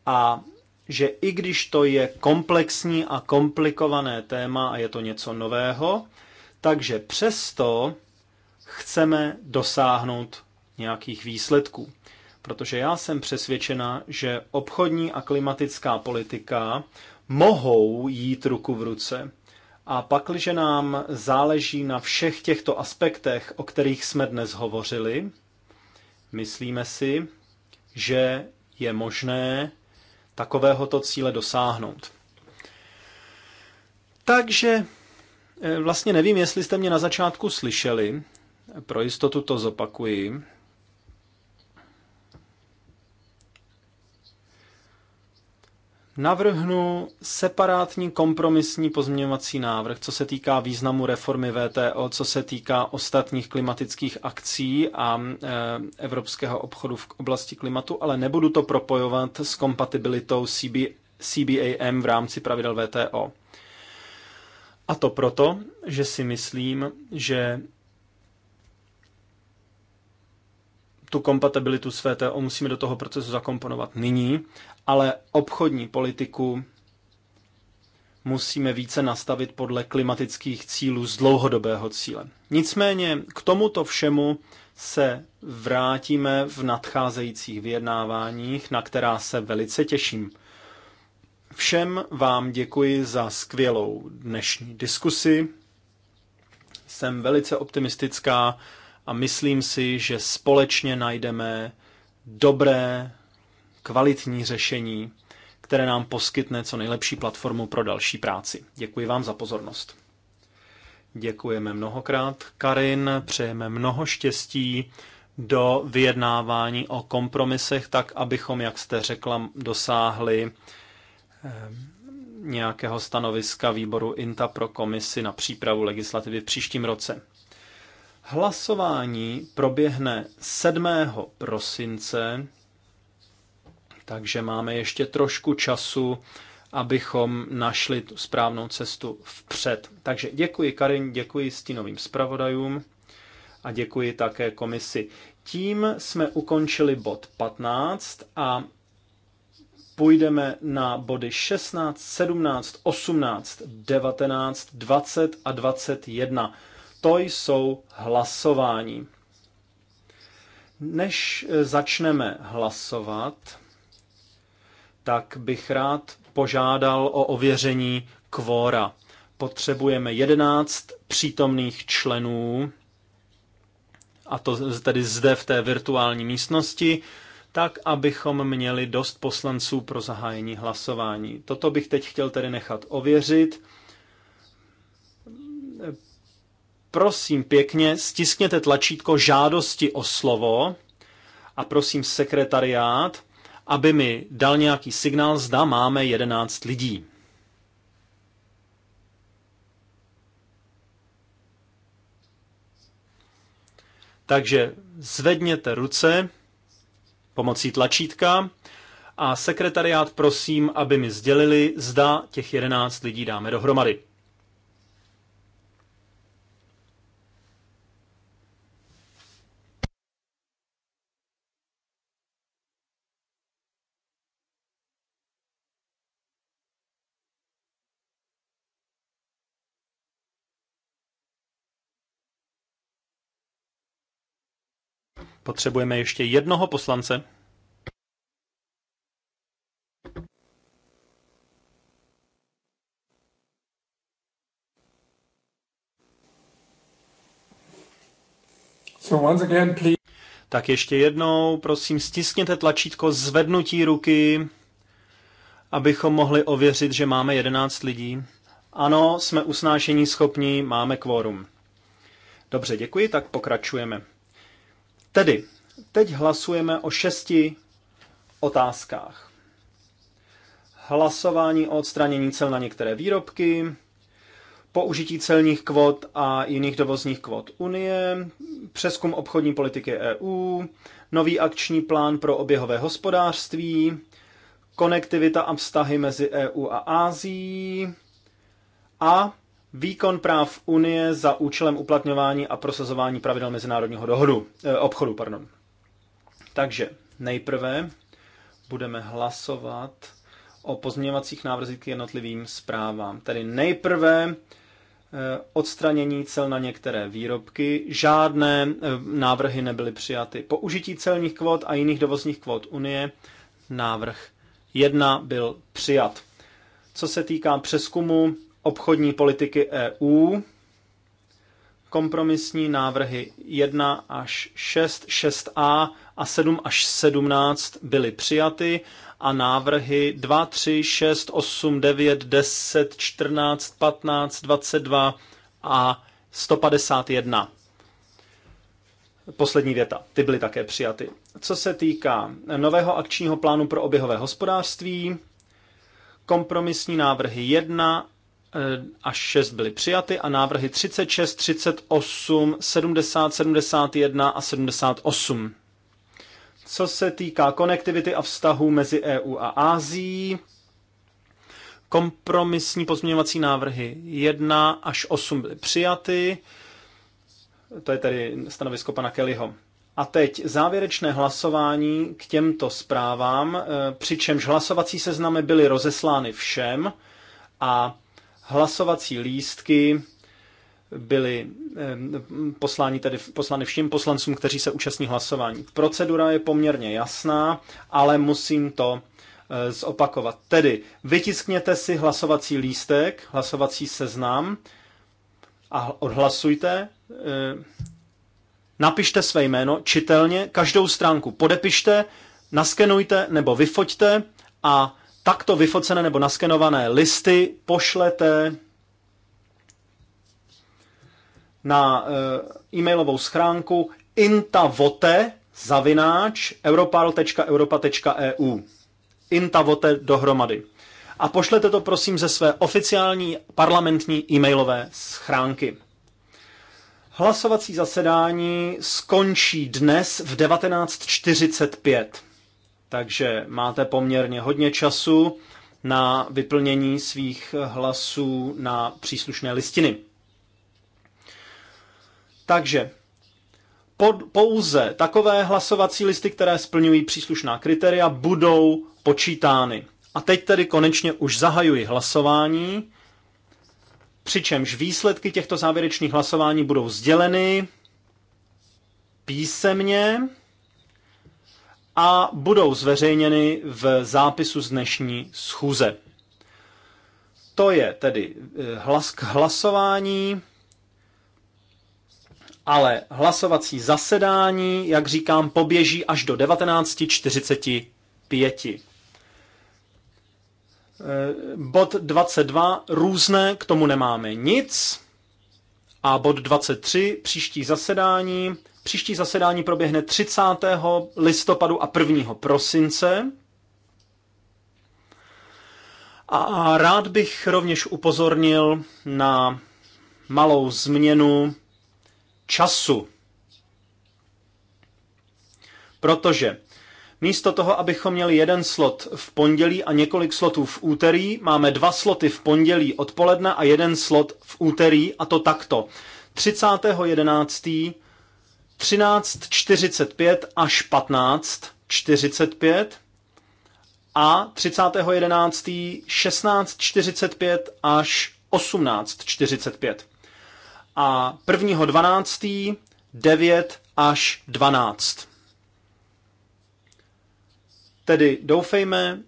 a že i když to je komplexní a komplikované téma a je to něco nového, takže přesto chceme dosáhnout nějakých výsledků. Protože já jsem přesvědčena, že obchodní a klimatická politika mohou jít ruku v ruce. A pakliže nám záleží na všech těchto aspektech, o kterých jsme dnes hovořili, Myslíme si, že je možné takovéhoto cíle dosáhnout. Takže eh, vlastně nevím, jestli jste mě na začátku slyšeli, pro jistotu to zopakuji. navrhnu separátní kompromisní pozměňovací návrh, co se týká významu reformy VTO, co se týká ostatních klimatických akcí a e, evropského obchodu v oblasti klimatu, ale nebudu to propojovat s kompatibilitou CB, CBAM v rámci pravidel VTO. A to proto, že si myslím, že tu kompatibilitu s VTO musíme do toho procesu zakomponovat nyní, ale obchodní politiku musíme více nastavit podle klimatických cílů z dlouhodobého cíle. Nicméně k tomuto všemu se vrátíme v nadcházejících vyjednáváních, na která se velice těším. Všem vám děkuji za skvělou dnešní diskusi. Jsem velice optimistická a myslím si, že společně najdeme dobré, kvalitní řešení, které nám poskytne co nejlepší platformu pro další práci. Děkuji vám za pozornost. Děkujeme mnohokrát, Karin, přejeme mnoho štěstí do vyjednávání o kompromisech, tak abychom, jak jste řekla, dosáhli eh, nějakého stanoviska výboru INTA pro komisi na přípravu legislativy v příštím roce. Hlasování proběhne 7. prosince, takže máme ještě trošku času, abychom našli tu správnou cestu vpřed. Takže děkuji Karin, děkuji stínovým zpravodajům a děkuji také komisi. Tím jsme ukončili bod 15 a půjdeme na body 16, 17, 18, 19, 20 a 21. To jsou hlasování. Než eh, začneme hlasovat, tak bych rád požádal o ověření kvóra. Potřebujeme 11 přítomných členů, a to tedy zde v té virtuální místnosti, tak, abychom měli dost poslanců pro zahájení hlasování. Toto bych teď chtěl tedy nechat ověřit. prosím pěkně stiskněte tlačítko žádosti o slovo a prosím sekretariát, aby mi dal nějaký signál, zda máme 11 lidí. Takže zvedněte ruce pomocí tlačítka a sekretariát prosím, aby mi sdělili, zda těch 11 lidí dáme dohromady. Potřebujeme ještě jednoho poslance. So once again, please. Tak ještě jednou, prosím, stiskněte tlačítko zvednutí ruky, abychom mohli ověřit, že máme 11 lidí. Ano, jsme usnášení schopní, máme kvórum. Dobře, děkuji, tak pokračujeme. Tedy, teď hlasujeme o šesti otázkách. Hlasování o odstranění cel na některé výrobky, použití celních kvot a jiných dovozních kvot Unie, přeskum obchodní politiky EU, nový akční plán pro oběhové hospodářství, konektivita a vztahy mezi EU a Ázií a Výkon práv Unie za účelem uplatňování a prosazování pravidel mezinárodního dohodu, eh, obchodu. Pardon. Takže nejprve budeme hlasovat o pozměňovacích návrzích k jednotlivým zprávám. Tedy nejprve eh, odstranění cel na některé výrobky. Žádné eh, návrhy nebyly přijaty. Použití celních kvot a jiných dovozních kvot Unie. Návrh 1 byl přijat. Co se týká přeskumu obchodní politiky EU, kompromisní návrhy 1 až 6, 6a a 7 až 17 byly přijaty a návrhy 2, 3, 6, 8, 9, 10, 14, 15, 22 a 151. Poslední věta. Ty byly také přijaty. Co se týká nového akčního plánu pro oběhové hospodářství, kompromisní návrhy 1 Eh, až 6 byly přijaty a návrhy 36, 38, 70, 71 a 78. Co se týká konektivity a vztahu mezi EU a Ázií, kompromisní pozměňovací návrhy 1 až 8 byly přijaty, to je tedy stanovisko pana Kellyho. A teď závěrečné hlasování k těmto zprávám, eh, přičemž hlasovací seznamy byly rozeslány všem a Hlasovací lístky byly poslány, tedy poslány všem poslancům, kteří se účastní hlasování. Procedura je poměrně jasná, ale musím to e, zopakovat. Tedy vytiskněte si hlasovací lístek, hlasovací seznam a odhlasujte. E, napište své jméno čitelně, každou stránku podepište, naskenujte nebo vyfoťte a takto vyfocené nebo naskenované listy pošlete na eh, e-mailovou schránku intavote zavináč europarl.europa.eu e intavote dohromady. A pošlete to prosím ze své oficiální parlamentní e-mailové schránky. Hlasovací zasedání skončí dnes v 19.45. Takže máte poměrně hodně času na vyplnění svých hlasů na příslušné listiny. Takže pod, pouze takové hlasovací listy, které splňují příslušná kritéria, budou počítány. A teď tedy konečně už zahajuji hlasování, přičemž výsledky těchto závěrečných hlasování budou sděleny písemně a budou zveřejněny v zápisu z dnešní schůze. To je tedy eh, hlas k hlasování, ale hlasovací zasedání, jak říkám, poběží až do 19.45. Eh, bod 22 různé, k tomu nemáme nic. A bod 23 příští zasedání Příští zasedání proběhne 30. listopadu a 1. prosince. A rád bych rovněž upozornil na malou změnu času. Protože místo toho, abychom měli jeden slot v pondělí a několik slotů v úterý, máme dva sloty v pondělí odpoledne a jeden slot v úterý, a to takto. 30. 11. 13.45 až 15.45 a 30.11. 16.45 až 18.45 a 1.12. 9 až 12. Tedy doufejme,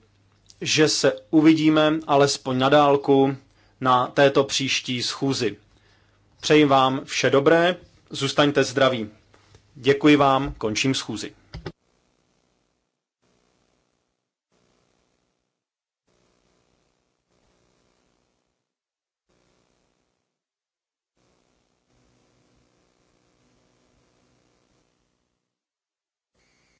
že se uvidíme alespoň na dálku na této příští schůzi. Přeji vám vše dobré, zůstaňte zdraví. Děkuji vám, končím schůzi.